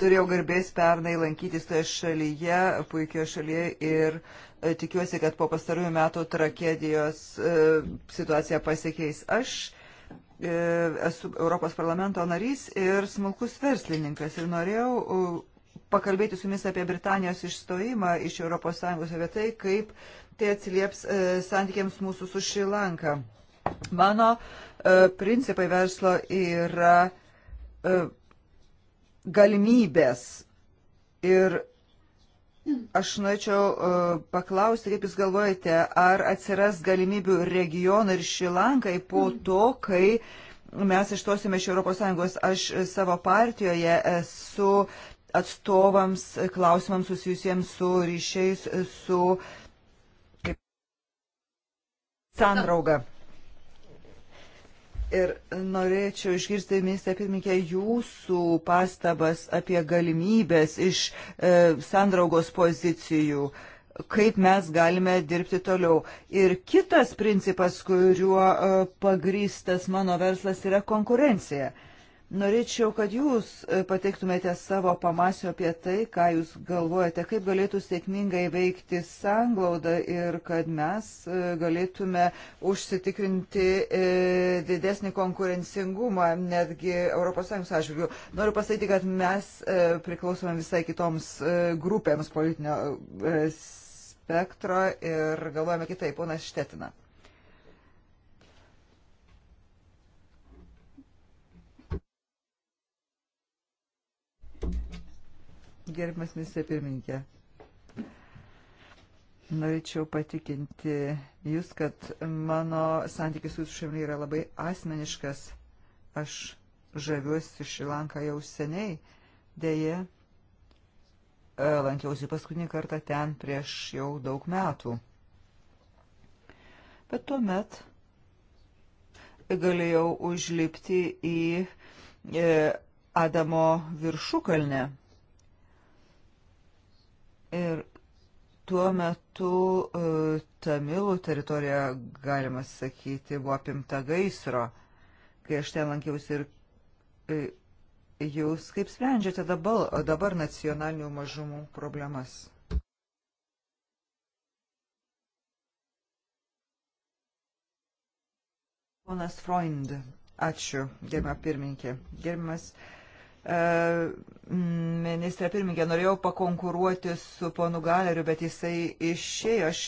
S2: Turėjau garbės pernai lankytis toje šalyje, puikioje šalyje ir e, tikiuosi, kad po pastarųjų metų tragedijos e, situacija pasikeis. Aš esu Europos parlamento narys ir smulkus verslininkas ir norėjau pakalbėti su jumis apie Britanijos išstojimą iš ES, apie tai, kaip tai atsilieps e, santykiams mūsų su Šilanka. Mano e, principai verslo yra e, galimybės ir Aš norėčiau e, paklausti, kaip Jūs galvojate, ar atsiras galimybių regionai ir Šilankai po hmm. to, kai mes išstosime iš ES. Aš savo partijoje esu atstovams klausimams susijusiems su ryšiais su kaip, sandrauga. Ir norėčiau išgirsti, ministrė pirmininkė, jūsų pastabas apie galimybės iš e, sandraugos pozicijų. E, kaip mes galime dirbti toliau. Ir kitas principas, kuriuo e, pagrystas mano verslas, yra konkurencija. Norėčiau, kad jūs e, pateiktumėte savo pamąstymą apie tai, ką jūs galvojate, kaip galėtų sėkmingai veikti sanglauda ir kad mes e, galėtume užsitikrinti e, didesnį konkurencingumą netgi ES atžvilgių. Noriu pasakyti, kad mes priklausome visai kitoms grupėms politinio spektro ir galvojame kitaip, ponas Štetina. Gerbimas ministrė pirmininkė, norėčiau patikinti Jūs, kad mano santykis su Jūsų šalimi yra labai asmeniškas. Aš žaviuosi Šilanką jau seniai, dėje lankiausi paskutinį kartą ten prieš jau daug metų. Bet tuomet galėjau užlipti į e, Adamo viršukalnę Ir tuo metu e, Tamilų teritorija, galima sakyti, buvo apimta gaisro, kai aš ten lankiausi ir e, jūs kaip sprendžiate dabar, dabar nacionalinių mažumų problemas? Ponas Freund, ačiū, gerbima pirmininkė. Gerbimas. Uh, E, ministrė pirmininkė, norėjau pakonkuruoti su ponu Galeriu, bet jisai išėjo. Aš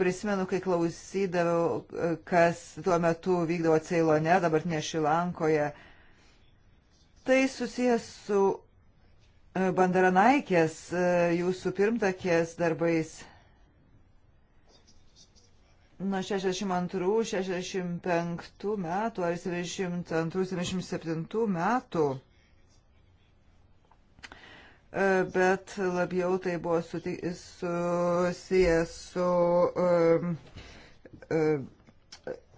S2: prisimenu, kai klausydavau, e, kas tuo metu vykdavo Ceilone, dabartinė Šilankoje. Tai susijęs su e, Bandaranaikės, jūsų pirmtakės darbais. Nuo 62, 65 metų ar 72, 77 metų bet labiau tai buvo susijęs su um, um,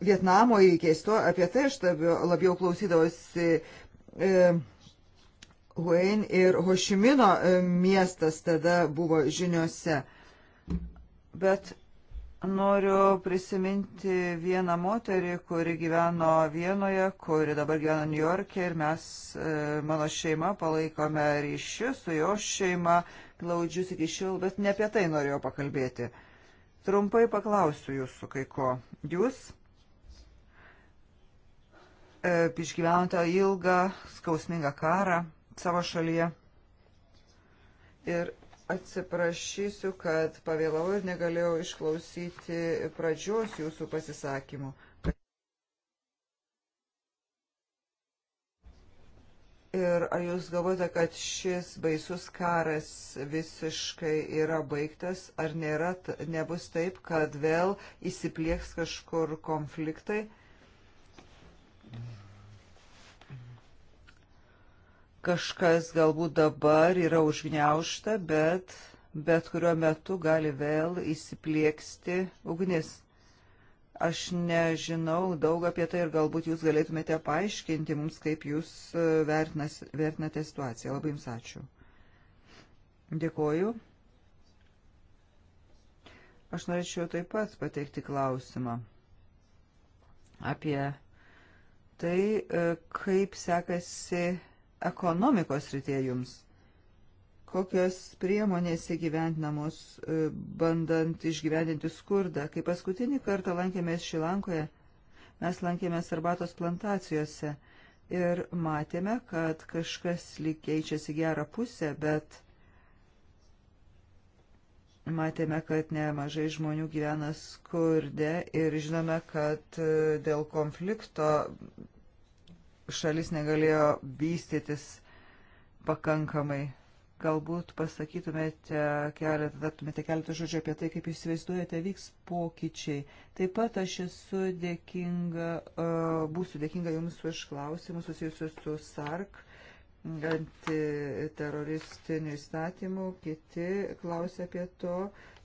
S2: Vietnamo įvykiais. Tuo apie tai aš labiau, labiau klausydavosi um, Huein ir Hošimino miestas tada buvo žiniuose. Bet Noriu prisiminti vieną moterį, kuri gyveno Vienoje, kuri dabar gyvena New York'e ir mes, e, mano šeima, palaikome ryšius su jo šeima, glaudžius iki šiol, bet ne apie tai norėjau pakalbėti. Trumpai paklausiu jūsų kai ko. Jūs e, išgyvenote ilgą, skausmingą karą savo šalyje ir Atsiprašysiu, kad pavėlau ir negalėjau išklausyti pradžios jūsų pasisakymų. Ir ar jūs galvojate, kad šis baisus karas visiškai yra baigtas, ar nėra, nebus taip, kad vėl įsiplieks kažkur konfliktai? Kažkas galbūt dabar yra užgniaušta, bet bet kuriuo metu gali vėl įsiplėksti ugnis. Aš nežinau daug apie tai ir galbūt jūs galėtumėte paaiškinti mums, kaip jūs e, vertinas, vertinate situaciją. Labai jums ačiū. Dėkoju. Aš norėčiau taip pat pateikti klausimą apie tai, e, kaip sekasi ekonomikos rytėje jums? Kokios priemonės įgyvendinamos, e, bandant išgyvendinti skurdą? Kai paskutinį kartą lankėmės Šilankoje, mes lankėmės arbatos plantacijose ir matėme, kad kažkas lyg keičiasi gerą pusę, bet matėme, kad nemažai žmonių gyvena skurde ir žinome, kad e, dėl konflikto šalis negalėjo vystytis pakankamai. Galbūt pasakytumėte keletą, dartumėte keletą žodžių apie tai, kaip įsivaizduojate, vyks pokyčiai. Taip pat aš esu dėkinga, e, būsiu dėkinga Jums už klausimus susijusius su SARK antiteroristinių įstatymų, kiti klausia apie to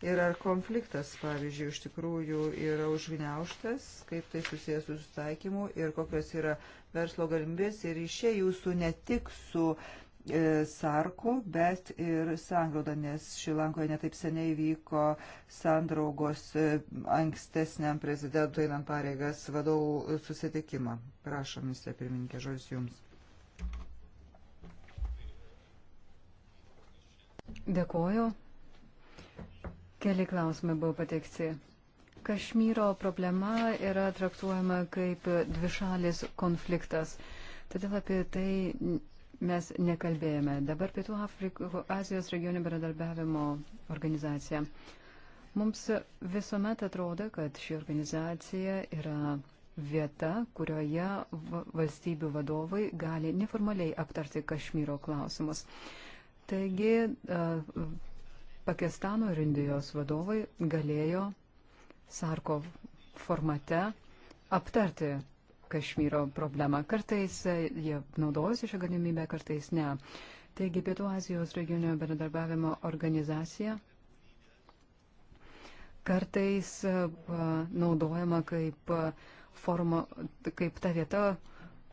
S2: ir ar konfliktas, pavyzdžiui, iš tikrųjų yra užgneuštas, kaip tai susijęs su sustaikymu ir kokios yra verslo galimybės ir išė jūsų ne tik su e, Sarku, bet ir sangrauda, nes Šilankoje netaip seniai vyko sandraugos e, ankstesniam prezidentui einant pareigas vadovų susitikimą. Prašom, ministrė pirmininkė, žodis jums.
S4: Dėkuoju. Keli klausimai buvo pateikti. Kašmyro problema yra traktuojama kaip dvišalis konfliktas. Todėl apie tai mes nekalbėjome. Dabar Pietų Afriko, Azijos regionų bendradarbiavimo organizacija. Mums visuomet atrodo, kad ši organizacija yra vieta, kurioje valstybių vadovai gali neformaliai aptarti Kašmyro klausimus. Taigi Pakistano ir Indijos vadovai galėjo Sarkov formate aptarti Kašmyro problemą. Kartais e, jie naudojasi šią galimybę, kartais ne. Taigi Pietų Azijos regioninio bendradarbiavimo organizacija kartais e, naudojama kaip, e, forma, kaip ta vieta,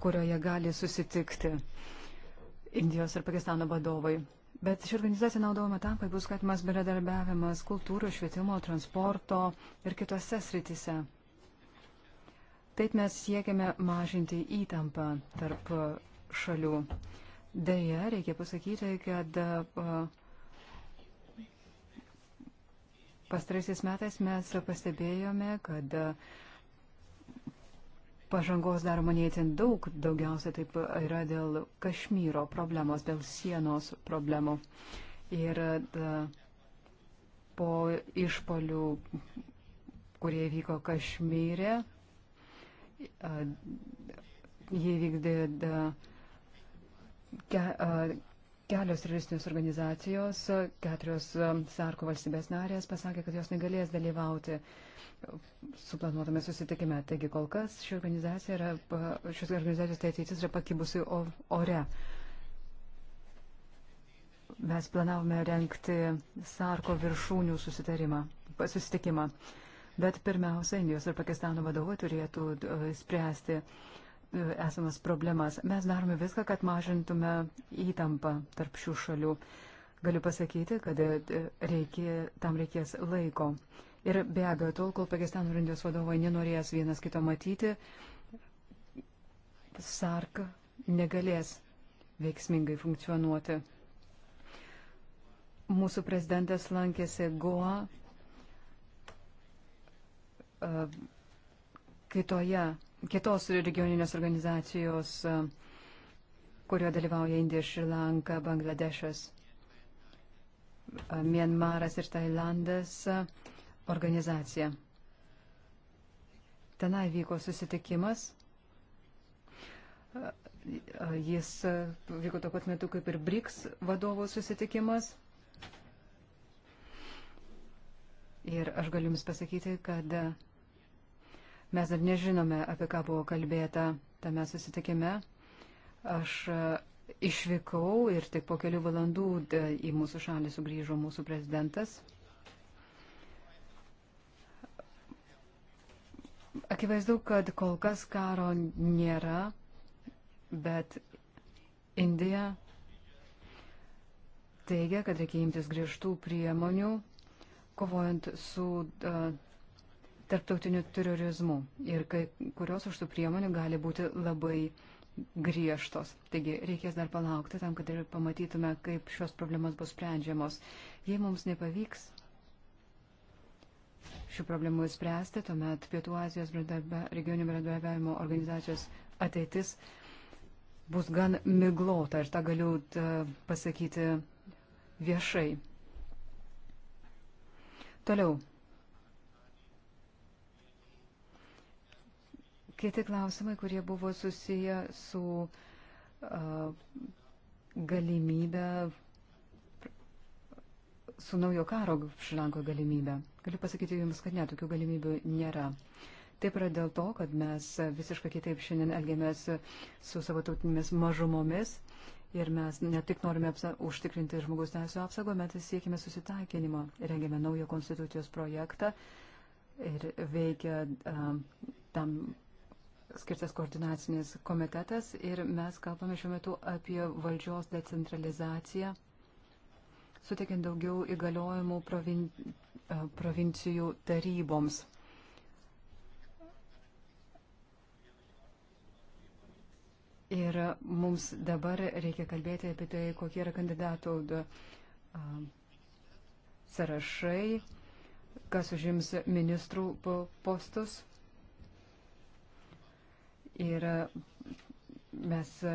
S4: kurioje gali susitikti Indijos ir Pakistano vadovai. Bet ši organizacija naudojama tam, kad bus skatimas bendradarbiavimas kultūros, švietimo, transporto ir kitose sritise. Taip mes siekiame mažinti įtampą tarp šalių. Deja, reikia pasakyti, kad e, pastaraisiais metais mes pastebėjome, kad uh, pažangos daroma neįtin daug, daugiausia taip yra dėl Kašmyro problemos, dėl sienos problemų. Ir da, e, po išpolių, kurie vyko Kašmyre, e, jie vykdė da, e, ke, a, Kelios teroristinės organizacijos, keturios um, Sarko valstybės narės pasakė, kad jos negalės dalyvauti suplanuotame susitikime. Taigi kol kas ši organizacija yra, šios organizacijos tai ateitis yra pakibusi ore. Mes planavome renkti Sarko viršūnių susitikimą. Bet pirmiausia, Indijos ir Pakistano vadovai turėtų spręsti uh, E, esamas problemas. Mes darome viską, kad mažintume įtampą tarp šių šalių. Galiu pasakyti, kad e, reikia, tam reikės laiko. Ir be abejo, tol, kol Pakistano ir Indijos vadovai nenorės vienas kito matyti, sarka negalės veiksmingai funkcionuoti. Mūsų prezidentas lankėsi Goa e, kitoje kitos regioninės organizacijos, kurioje dalyvauja Indija, Šrilanka, Bangladešas, Mienmaras ir Tailandas organizacija. Tenai vyko susitikimas. Jis vyko tuo pat metu kaip ir BRICS vadovo susitikimas. Ir aš galiu Jums pasakyti, kad Mes dar nežinome, apie ką buvo kalbėta tame susitikime. Aš e, išvykau ir tik po kelių valandų į mūsų šalį sugrįžo mūsų prezidentas. Akivaizdu, kad kol kas karo nėra, bet Indija teigia, kad reikia imtis griežtų priemonių, kovojant su uh, tarptautiniu terorizmu ir kai kurios už tų priemonių gali būti labai griežtos. Taigi reikės dar palaukti tam, kad ir pamatytume, kaip šios problemas bus sprendžiamos. Jei mums nepavyks šių problemų įspręsti, tuomet Pietų Azijos regionių bendradarbiavimo organizacijos ateitis bus gan miglota ir tą galiu tą e, pasakyti viešai. Toliau, Kiti klausimai, kurie buvo susiję su uh, galimybę, su naujo karo Šrilanko galimybę. Galiu pasakyti Jums, kad ne, tokių galimybių nėra. Taip yra dėl to, kad mes visiškai kitaip šiandien elgiamės su savo tautinėmis mažumomis Ir mes ne tik norime apsa, užtikrinti žmogus teisų apsaugą, bet ir siekime susitaikinimo. Rengiame naują konstitucijos projektą ir veikia a, tam skirtas koordinacinis komitetas ir mes kalbame šiuo metu apie valdžios decentralizaciją, suteikiant daugiau įgaliojimų provin, provincijų taryboms. Ir mums dabar reikia kalbėti apie tai, kokie yra kandidatų sąrašai, kas užims ministrų postus. Ir e, mes e,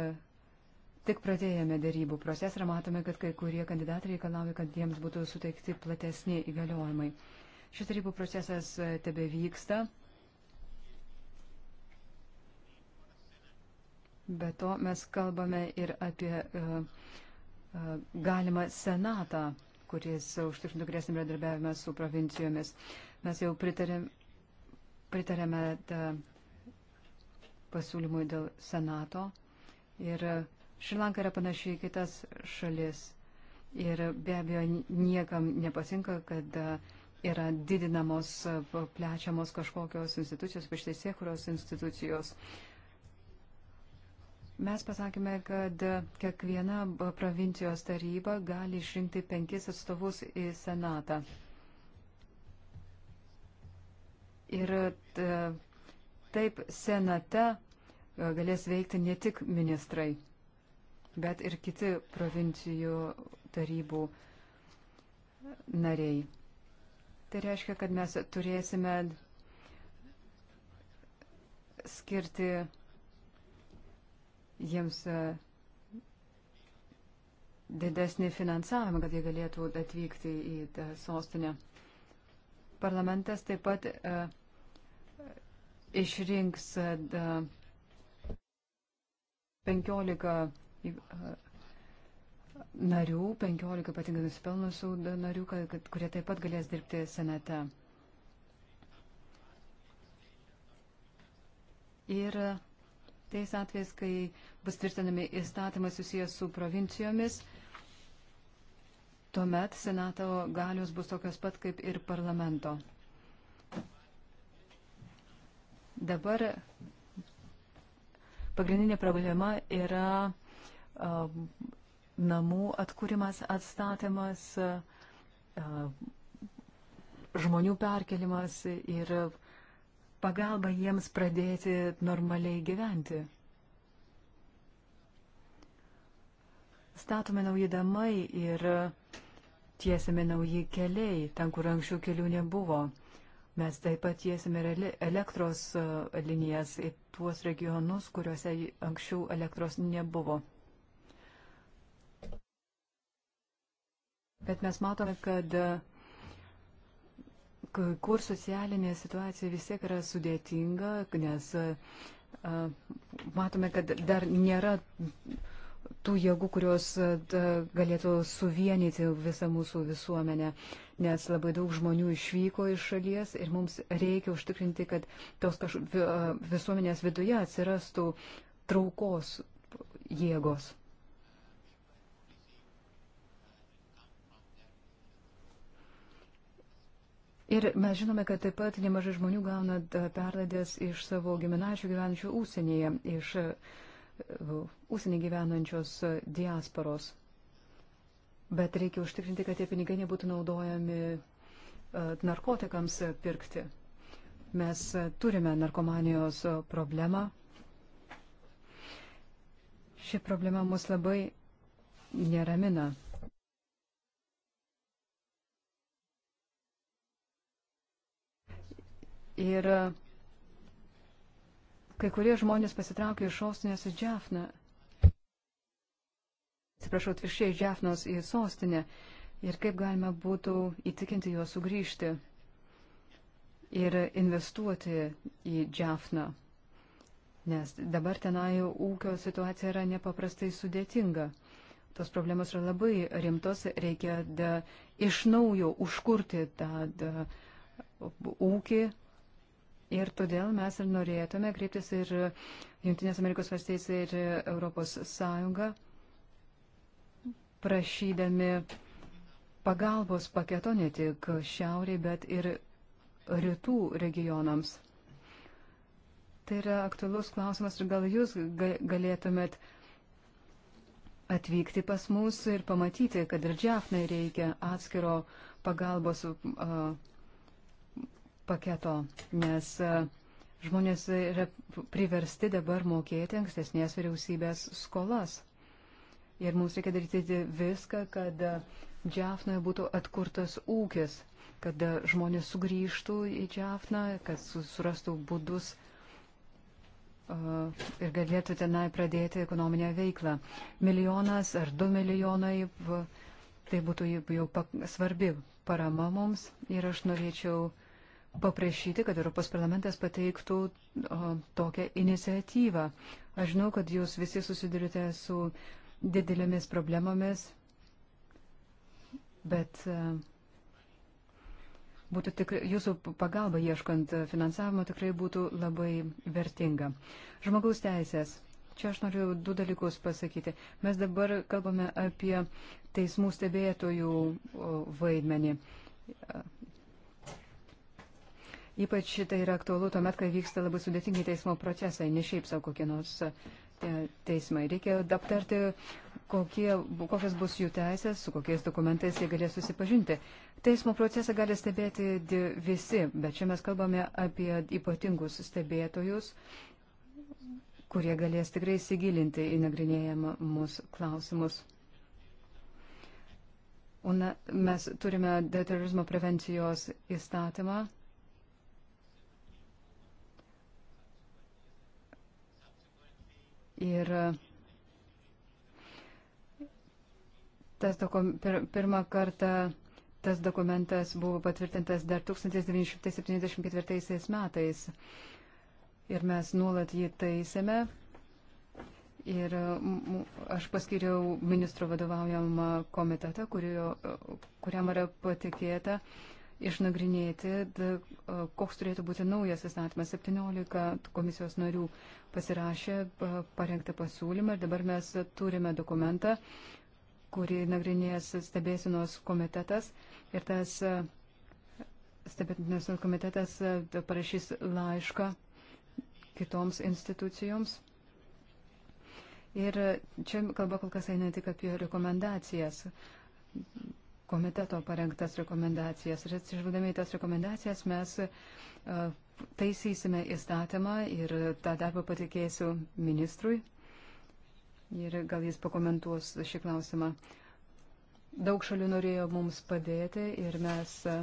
S4: tik pradėjome darybų procesą ir matome, kad kai kurie kandidatai reikalauja, kad jiems būtų suteikti platesni įgaliojimai. Šis darybų procesas e, tebe vyksta. Be to mes kalbame ir apie uh, uh, galimą senatą, kuris užtikrintų grėsmę bendradarbiavimą su provincijomis. Mes jau pritarėm, pritarėme. pritarėme pasiūlymui dėl Senato. Ir Šrilanka yra panašiai kitas šalis. Ir be abejo, niekam nepasinka, kad e, yra didinamos, e, plečiamos kažkokios institucijos, ypač teisėkuros institucijos. Mes pasakėme, kad e, kiekviena provincijos taryba gali išrinkti penkis atstovus į Senatą. Ir taip Senate E, galės veikti ne tik ministrai, bet ir kiti provincijų tarybų nariai. Tai reiškia, kad mes turėsime skirti jiems e, didesnį finansavimą, kad jie galėtų atvykti į sostinę. Parlamentas taip pat e, išrinks 15 narių, 15 ypatingai nusipelnusių narių, kad, kad, kurie taip pat galės dirbti senate. Ir tais atvejais, kai bus tvirtinami įstatymai susijęs su provincijomis, tuomet senato galios bus tokios pat kaip ir parlamento. Dabar Pagrindinė problema yra uh, namų atkūrimas, atstatymas, uh, žmonių perkelimas ir pagalba jiems pradėti normaliai gyventi. Statome nauji damai ir tiesiame nauji keliai, ten, kur anksčiau kelių nebuvo. Mes taip pat tiesime elektros e, linijas į tuos regionus, kuriuose anksčiau elektros nebuvo. Bet mes matome, kad e, kur socialinė situacija vis tiek yra sudėtinga, nes e, matome, kad dar nėra tų jėgų, kurios galėtų suvienyti visą mūsų visuomenę nes labai daug žmonių išvyko iš šalies ir mums reikia užtikrinti, kad tos kaž... visuomenės viduje atsirastų traukos jėgos. Ir mes žinome, kad taip pat nemažai žmonių gauna perlaidės iš savo giminačių gyvenančių ūsienyje, iš ūsienį e, gyvenančios diasporos bet reikia užtikrinti, kad tie pinigai nebūtų naudojami e, narkotikams pirkti. Mes e, turime narkomanijos e, problemą. Ši problema mus labai neramina. Ir kai kurie žmonės pasitraukė iš sostinės į Džefną atsiprašau, atviršiai Džefnos į sostinę ir kaip galima būtų įtikinti juos sugrįžti ir investuoti į Džefną. Nes dabar tenai ūkio situacija yra nepaprastai sudėtinga. Tos problemos yra labai rimtos, reikia da, iš naujo užkurti tą da, ūkį. Ir todėl mes ir norėtume kreiptis ir Junktinės Amerikos valstijas ir Europos Sąjungą prašydami pagalbos paketo ne tik šiauriai, bet ir rytų regionams. Tai yra aktualus klausimas ir gal jūs galėtumėt atvykti pas mus ir pamatyti, kad ir Džiafnai reikia atskiro pagalbos uh, paketo, nes uh, žmonės yra priversti dabar mokėti ankstesnės vyriausybės skolas. Ir mums reikia daryti viską, kad Džiafnoje būtų atkurtas ūkis, kad žmonės sugrįžtų į Džiafną, kad surastų būdus ir galėtų tenai pradėti ekonominę veiklą. Milijonas ar du milijonai, tai būtų jau svarbi parama mums ir aš norėčiau paprašyti, kad Europos parlamentas pateiktų tokią iniciatyvą. Aš žinau, kad jūs visi susidurite su uh, didelėmis problemomis, bet e, būtų tik, jūsų pagalba ieškant finansavimo tikrai būtų labai vertinga. Žmogaus teisės. Čia aš noriu du dalykus pasakyti. Mes dabar kalbame apie teismų stebėtojų vaidmenį. Ypač tai yra aktualu tuomet, kai vyksta labai sudėtingi teismo procesai, ne šiaip savo kokie nors uh, teismai. Reikia aptarti, kokie, kokios bus jų teisės, su kokiais dokumentais jie galės susipažinti. Teismo procesą gali stebėti visi, bet čia mes kalbame apie ypatingus stebėtojus, kurie galės tikrai įsigilinti į nagrinėjamus klausimus. O na, mes turime terorizmo prevencijos įstatymą Ir e, tas dokum, pir, pirmą kartą tas dokumentas buvo patvirtintas dar 1974 metais. Ir mes nuolat jį taisėme. Ir e, aš paskiriau ministro vadovaujamą komitetą, kurio, e, kuriam yra patikėta uh, išnagrinėti, koks turėtų būti naujas įstatymas. 17 komisijos narių pasirašė parengtą pasiūlymą ir dabar mes turime dokumentą, kurį nagrinės stebėsinos komitetas ir tas stebėsinos komitetas parašys laišką kitoms institucijoms. Ir čia kalba kol kas eina tik apie rekomendacijas komiteto parengtas rekomendacijas. Ir atsižvelgdami į tas rekomendacijas mes e, taisysime įstatymą ir tą darbą patikėsiu ministrui. Ir gal jis pakomentuos šį klausimą. Daug šalių norėjo mums padėti ir mes e,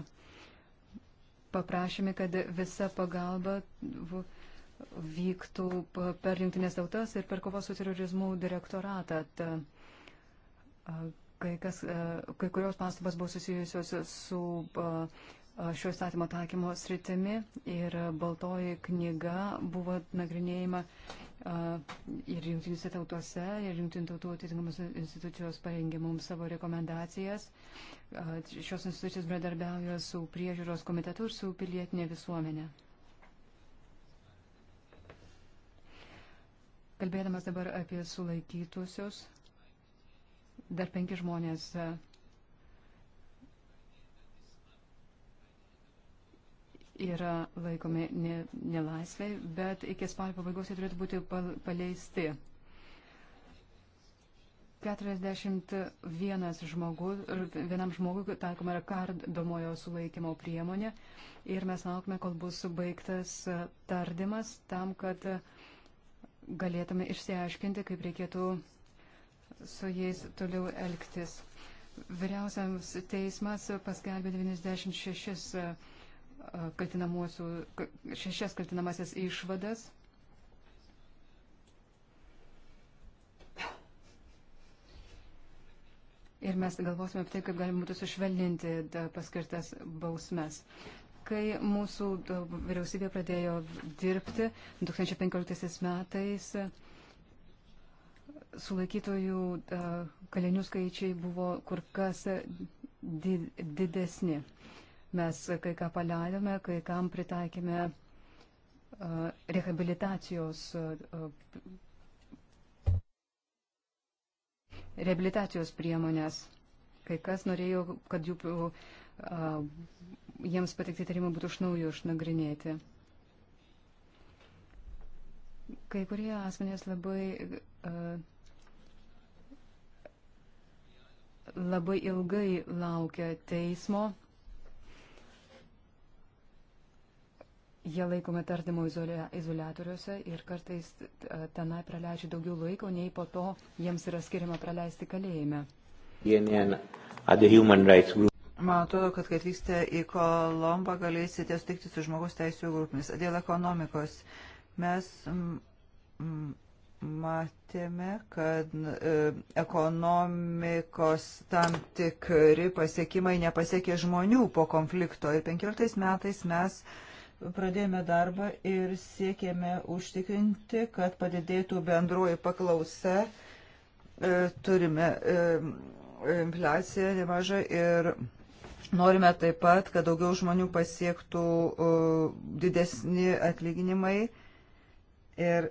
S4: paprašėme, kad visa pagalba vyktų per Junktinės tautas ir per kovos su terorizmu direktoratą. Ta, e, kai, kas, e, kai kurios pastabas buvo susijusios su e, e, šio įstatymo taikymo sritimi ir baltoji knyga buvo nagrinėjama ir jungtinėse tautuose, ir jungtinių tautų atitinkamos institucijos parengė mums savo rekomendacijas. Šios institucijos bradarbiauja su priežiūros komitetu ir su pilietinė visuomenė. Kalbėdamas dabar apie sulaikytusius, dar penki žmonės e, yra laikomi nelaisvai, bet iki spalio pabaigos jie turėtų būti paleisti. 41 žmogus, vienam žmogui taikoma yra kardomojo sulaikymo priemonė ir mes laukime, kol bus baigtas e, tardymas tam, kad e, galėtume išsiaiškinti, kaip reikėtų su jais toliau elgtis. Vyriausiams teismas paskelbė 96 e, šešias kaltinamasias išvadas. Ir mes galvosime apie tai, kaip galima būtų sušvelninti paskirtas bausmes. Kai mūsų vyriausybė pradėjo dirbti 2015 metais, sulaikytojų e, kalinių skaičiai buvo kur kas didesni. Mes kai ką paleidome, kai kam pritaikėme e, rehabilitacijos, e, rehabilitacijos priemonės. Kai kas norėjo, kad jų, jiems patikti tarimai būtų iš naujo išnagrinėti. Kai kurie asmenės labai uh, labai ilgai laukia teismo. Jie laikomi tardymo izolatoriuose ir kartais tenai praleidžia daugiau laiko, nei po to jiems yra skiriama praleisti kalėjime.
S2: Man atrodo, kad kai atvyksite į Kolombą galėsite sutikti su žmogaus teisų grupėmis. Dėl ekonomikos mes mm, matėme, kad e, ekonomikos tam tikri pasiekimai nepasiekė žmonių po konflikto. Ir 15 metais mes pradėjome darbą ir siekėme užtikrinti, kad padidėtų bendroji paklausa. E, turime e, infliaciją nemažą ir Norime taip pat, kad daugiau žmonių pasiektų didesni atlyginimai ir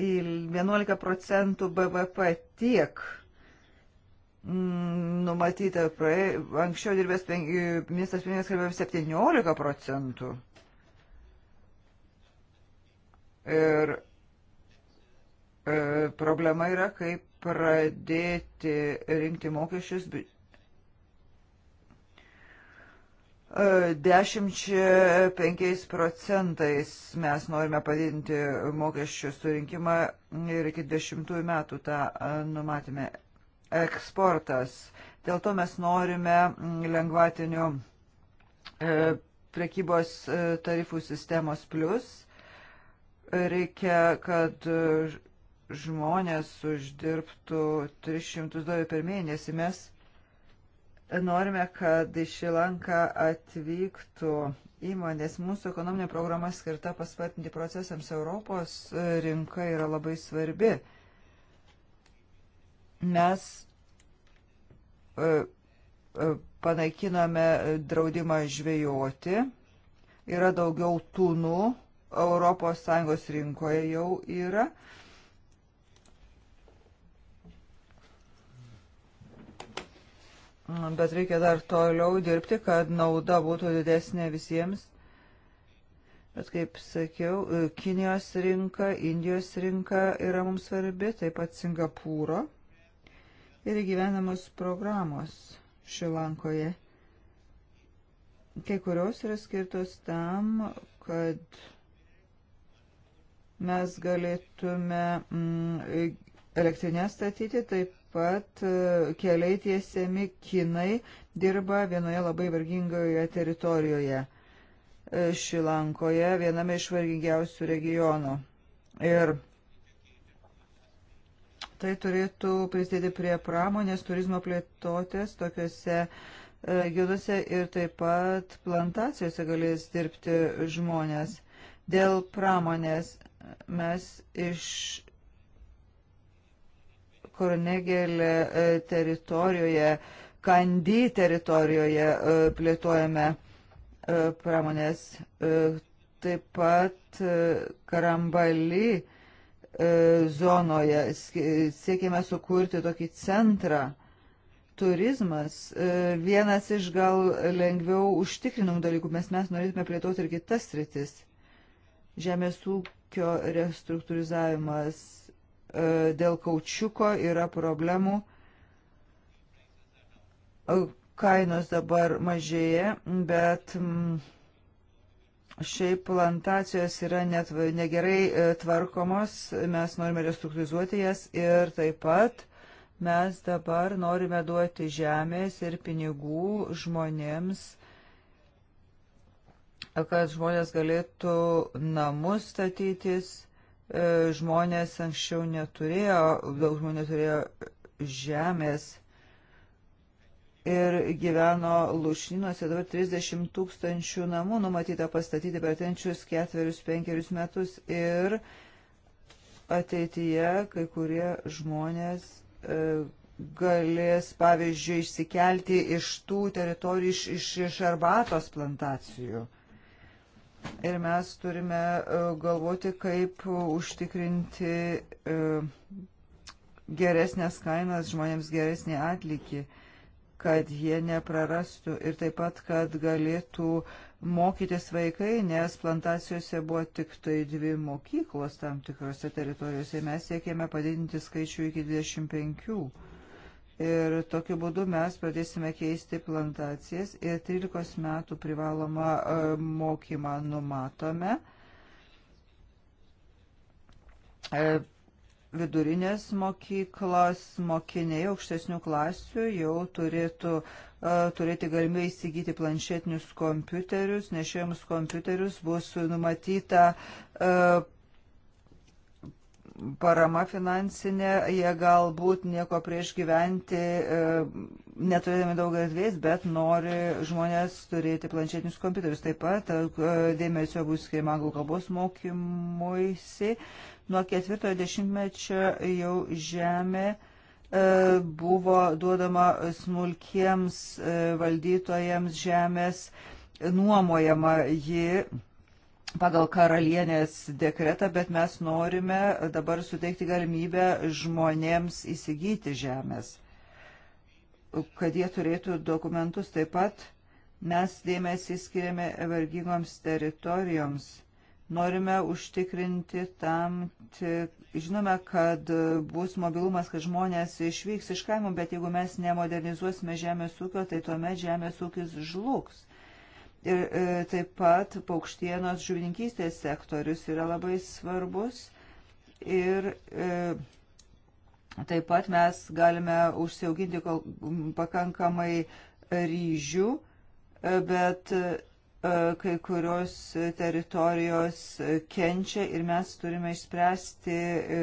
S2: į 11 procentų BVP tiek mm, numatyta praė, anksčiau dirbęs penk, ministras pirmininkas kalbėjo 17 procentų. Ir e, problema yra, kaip pradėti rinkti mokesčius 10-5 procentais mes norime padidinti mokesčių surinkimą ir iki 10 metų tą e, numatėme eksportas. Dėl to mes norime mm, lengvatinių e, prekybos e, tarifų sistemos plus. Reikia, kad žmonės uždirbtų 300 dolerių per mėnesį. Mes Norime, kad į Šilanką atvyktų įmonės. Mūsų ekonominė programa skirta paspartinti procesams. Europos e, rinka yra labai svarbi. Mes e, e, panaikinome draudimą žvejoti. Yra daugiau tunų. Europos Sąjungos rinkoje jau yra. Uh, bet reikia dar toliau dirbti, kad nauda būtų didesnė visiems. Bet kaip sakiau, Kinijos rinka, Indijos rinka yra mums svarbi, taip pat Singapūro ir gyvenamos programos Šilankoje. Kai kurios yra skirtos tam, kad mes galėtume mm, elektrinę statyti, taip pat e, keliai tiesiami kinai dirba vienoje labai vargingoje teritorijoje e, Šilankoje, viename iš vargingiausių regionų. Ir tai turėtų prisidėti prie pramonės turizmo plėtotės tokiuose e, regionuose ir taip pat plantacijose galės dirbti žmonės. Dėl pramonės mes iš Kornegelė e, teritorijoje, Kandy teritorijoje e, plėtojame e, pramonės. Taip pat Karambali zonoje siekime sukurti tokį centrą turizmas vienas iš gal lengviau užtikrinamų dalykų, mes mes norėtume plėtoti ir kitas sritis. Žemės ūkio restruktūrizavimas, E, dėl kaučiuko yra problemų. E, kainos dabar mažėja, bet mm, šiaip plantacijos yra net, negerai e, tvarkomos, mes norime restruktūrizuoti jas ir taip pat mes dabar norime duoti žemės ir pinigų žmonėms kad žmonės galėtų namus statytis E, žmonės anksčiau neturėjo, daug žmonių turėjo žemės ir gyveno lušninuose dabar 30 tūkstančių namų numatyta pastatyti per tenčius ketverius, penkerius metus ir ateityje kai kurie žmonės e, galės, pavyzdžiui, išsikelti iš tų teritorijų, iš, iš, iš arbatos plantacijų. E, Ir mes turime e, galvoti, kaip užtikrinti e, geresnės kainas žmonėms geresnį atlikį, kad jie neprarastų ir taip pat, kad galėtų mokytis vaikai, nes plantacijose buvo tik tai dvi mokyklos tam tikrose teritorijose. Mes siekėme padidinti skaičių iki 25. Ir tokiu būdu mes pradėsime keisti plantacijas ir 13 metų privalomą e, mokymą numatome. E, vidurinės mokyklos mokiniai aukštesnių klasių jau turėtų e, turėti galimybę įsigyti planšetinius kompiuterius, nešėjimus kompiuterius bus numatyta parama finansinė, jie galbūt nieko prieš gyventi, e, neturėdami daug erdvės, bet nori žmonės turėti planšetinius kompiuterius. Taip pat e, dėmesio bus skiriama anglų kalbos mokymuisi. Nuo ketvirtojo dešimtmečio jau žemė e, buvo duodama smulkiems valdytojams žemės nuomojama ji pagal karalienės dekretą, bet mes norime dabar suteikti galimybę žmonėms įsigyti žemės, kad jie turėtų dokumentus. Taip pat mes dėmesį skiriame vergygoms teritorijoms. Norime užtikrinti tam, žinome, kad bus mobilumas, kad žmonės išvyks iš kaimų, bet jeigu mes nemodernizuosime žemės ūkio, tai tuomet žemės ūkis žlugs Ir e, taip pat paukštienos žuvininkystės sektorius yra labai svarbus. Ir e, taip pat mes galime užsiauginti kol, pakankamai ryžių, e, bet e, kai kurios teritorijos kenčia ir mes turime išspręsti e,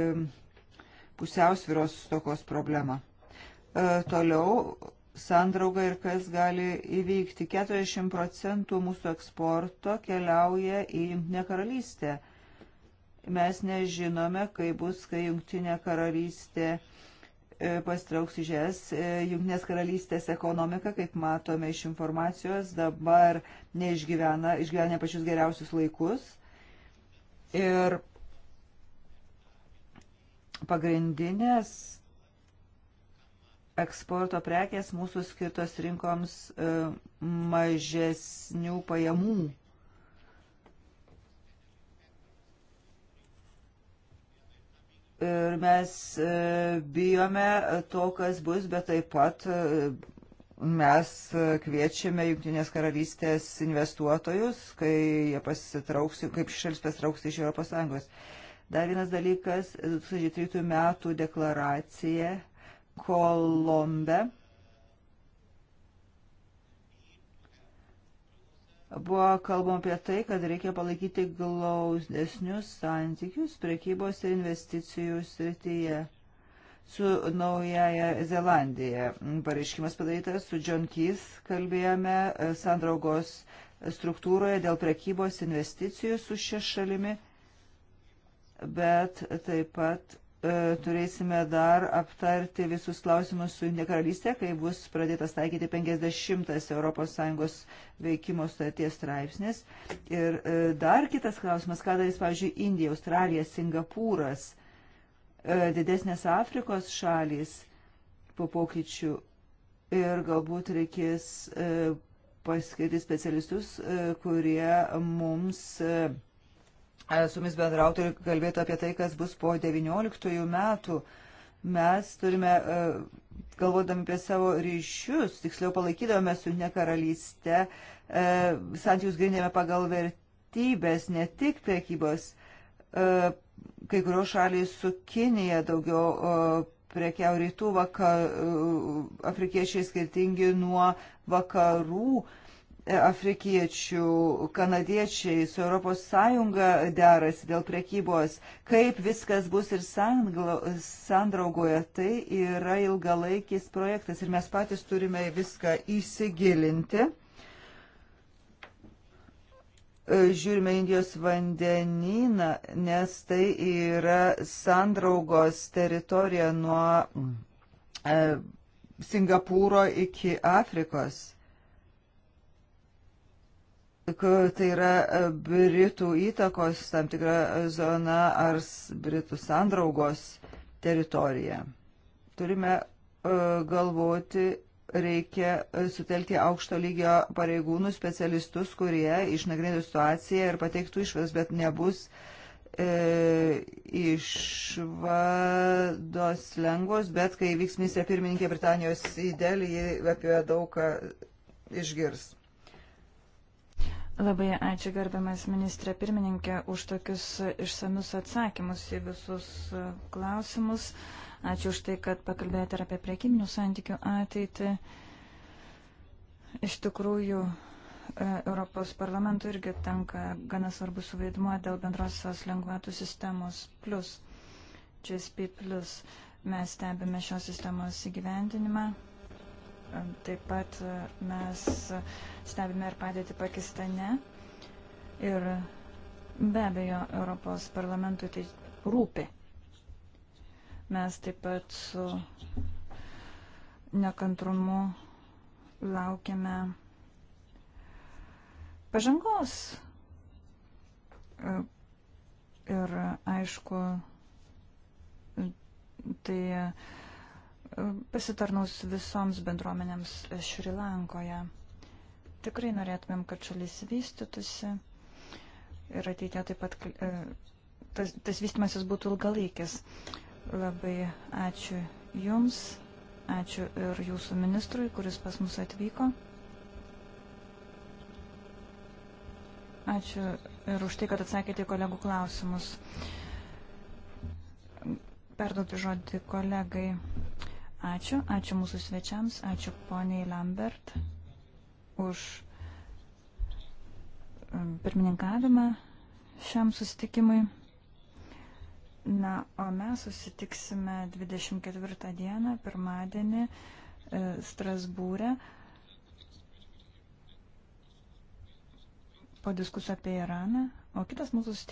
S2: pusiausviros stokos problemą. E, toliau sandrauga ir kas gali įvykti. 40 procentų mūsų eksporto keliauja į Junktinę karalystę. Mes nežinome, kai bus, kai Junktinė karalystė e, pastrauks iš es. E, Junktinės karalystės ekonomika, kaip matome iš informacijos, dabar neišgyvena, išgyvena pačius geriausius laikus. Ir pagrindinės eksporto prekės mūsų skirtos rinkoms e, mažesnių pajamų. Ir mes e, bijome to, kas bus, bet taip pat e, mes kviečiame Junktinės karalystės investuotojus, kai jie pasitrauks, kaip šalis pasitrauks iš ES. Dar vienas dalykas, 2003 metų deklaracija Kolombe buvo kalbama apie tai, kad reikia palaikyti glausdesnius santykius prekybos ir investicijų srityje su Naujaja Zelandija. Pareiškimas padarytas su John Keith, kalbėjome e, sandraugos struktūroje dėl prekybos investicijų su šia šalimi, bet taip pat E, turėsime dar aptarti visus klausimus su Junktinė karalystė, kai bus pradėtas taikyti 50-as ES veikimo sutarties straipsnis. Ir e, dar kitas klausimas, ką darys, pavyzdžiui, Indija, Australija, Singapūras, e, didesnės Afrikos šalys po pokyčių ir galbūt reikės paskirti specialistus, kurie mums su jumis bendrauti ir kalbėti apie tai, kas bus po 19 metų. Mes turime, e, galvodami apie savo ryšius, tiksliau palaikydavome su ne karalystė, e, santykius grindėme pagal vertybės, ne tik priekybos. E, kai kurios šalys su Kinija daugiau prekiau rytų, vakar, afrikiečiai skirtingi nuo vakarų. Uh, afrikiečių, kanadiečiai su ES derasi dėl prekybos, kaip viskas bus ir sandraugoje, tai yra ilgalaikis projektas ir mes patys turime viską įsigilinti. Žiūrime Indijos vandenyną, nes tai yra sandraugos teritorija nuo e, Singapūro iki Afrikos tai yra e, Britų įtakos tam tikra zona ar Britų sandraugos teritorija. Turime e, galvoti, reikia e, sutelkti aukšto lygio pareigūnų specialistus, kurie išnagrinėtų situaciją ir pateiktų išvadas, bet nebus e, išvados lengvos, bet kai vyks misija pirmininkė Britanijos įdėlį, ji apie daugą išgirs.
S1: Labai ačiū gerbiamas ministrė pirmininkė už tokius išsamius atsakymus į visus klausimus. Ačiū už tai, kad pakalbėjote ir apie priekybinių santykių ateitį. Iš tikrųjų, e, Europos parlamentų irgi tenka gana svarbus vaidmuo dėl bendrosios lengvatų sistemos plus, GSP plus. Mes stebime šios sistemos įgyvendinimą. Taip pat e, mes stebime ir padėti Pakistane. Ir be abejo, Europos parlamentui tai rūpi. Mes taip pat su nekantrumu laukiame pažangos. E, ir aišku, tai pasitarnaus visoms bendruomenėms Šri Lankoje. Tikrai norėtumėm, kad šalis vystytųsi ir ateitie taip pat e, tas, tas vystimasis būtų ilgalaikis. Labai ačiū Jums, ačiū ir Jūsų ministrui, kuris pas mus atvyko. Ačiū ir už tai, kad atsakėte į kolegų klausimus. Perduoti žodį kolegai. Ačiū, ačiū mūsų svečiams, ačiū poniai Lambert už um, pirmininkavimą šiam susitikimui. Na, o mes susitiksime 24 dieną, pirmadienį, e, Strasbūrė. Po diskusijų apie Iraną, o kitas mūsų susitikimas.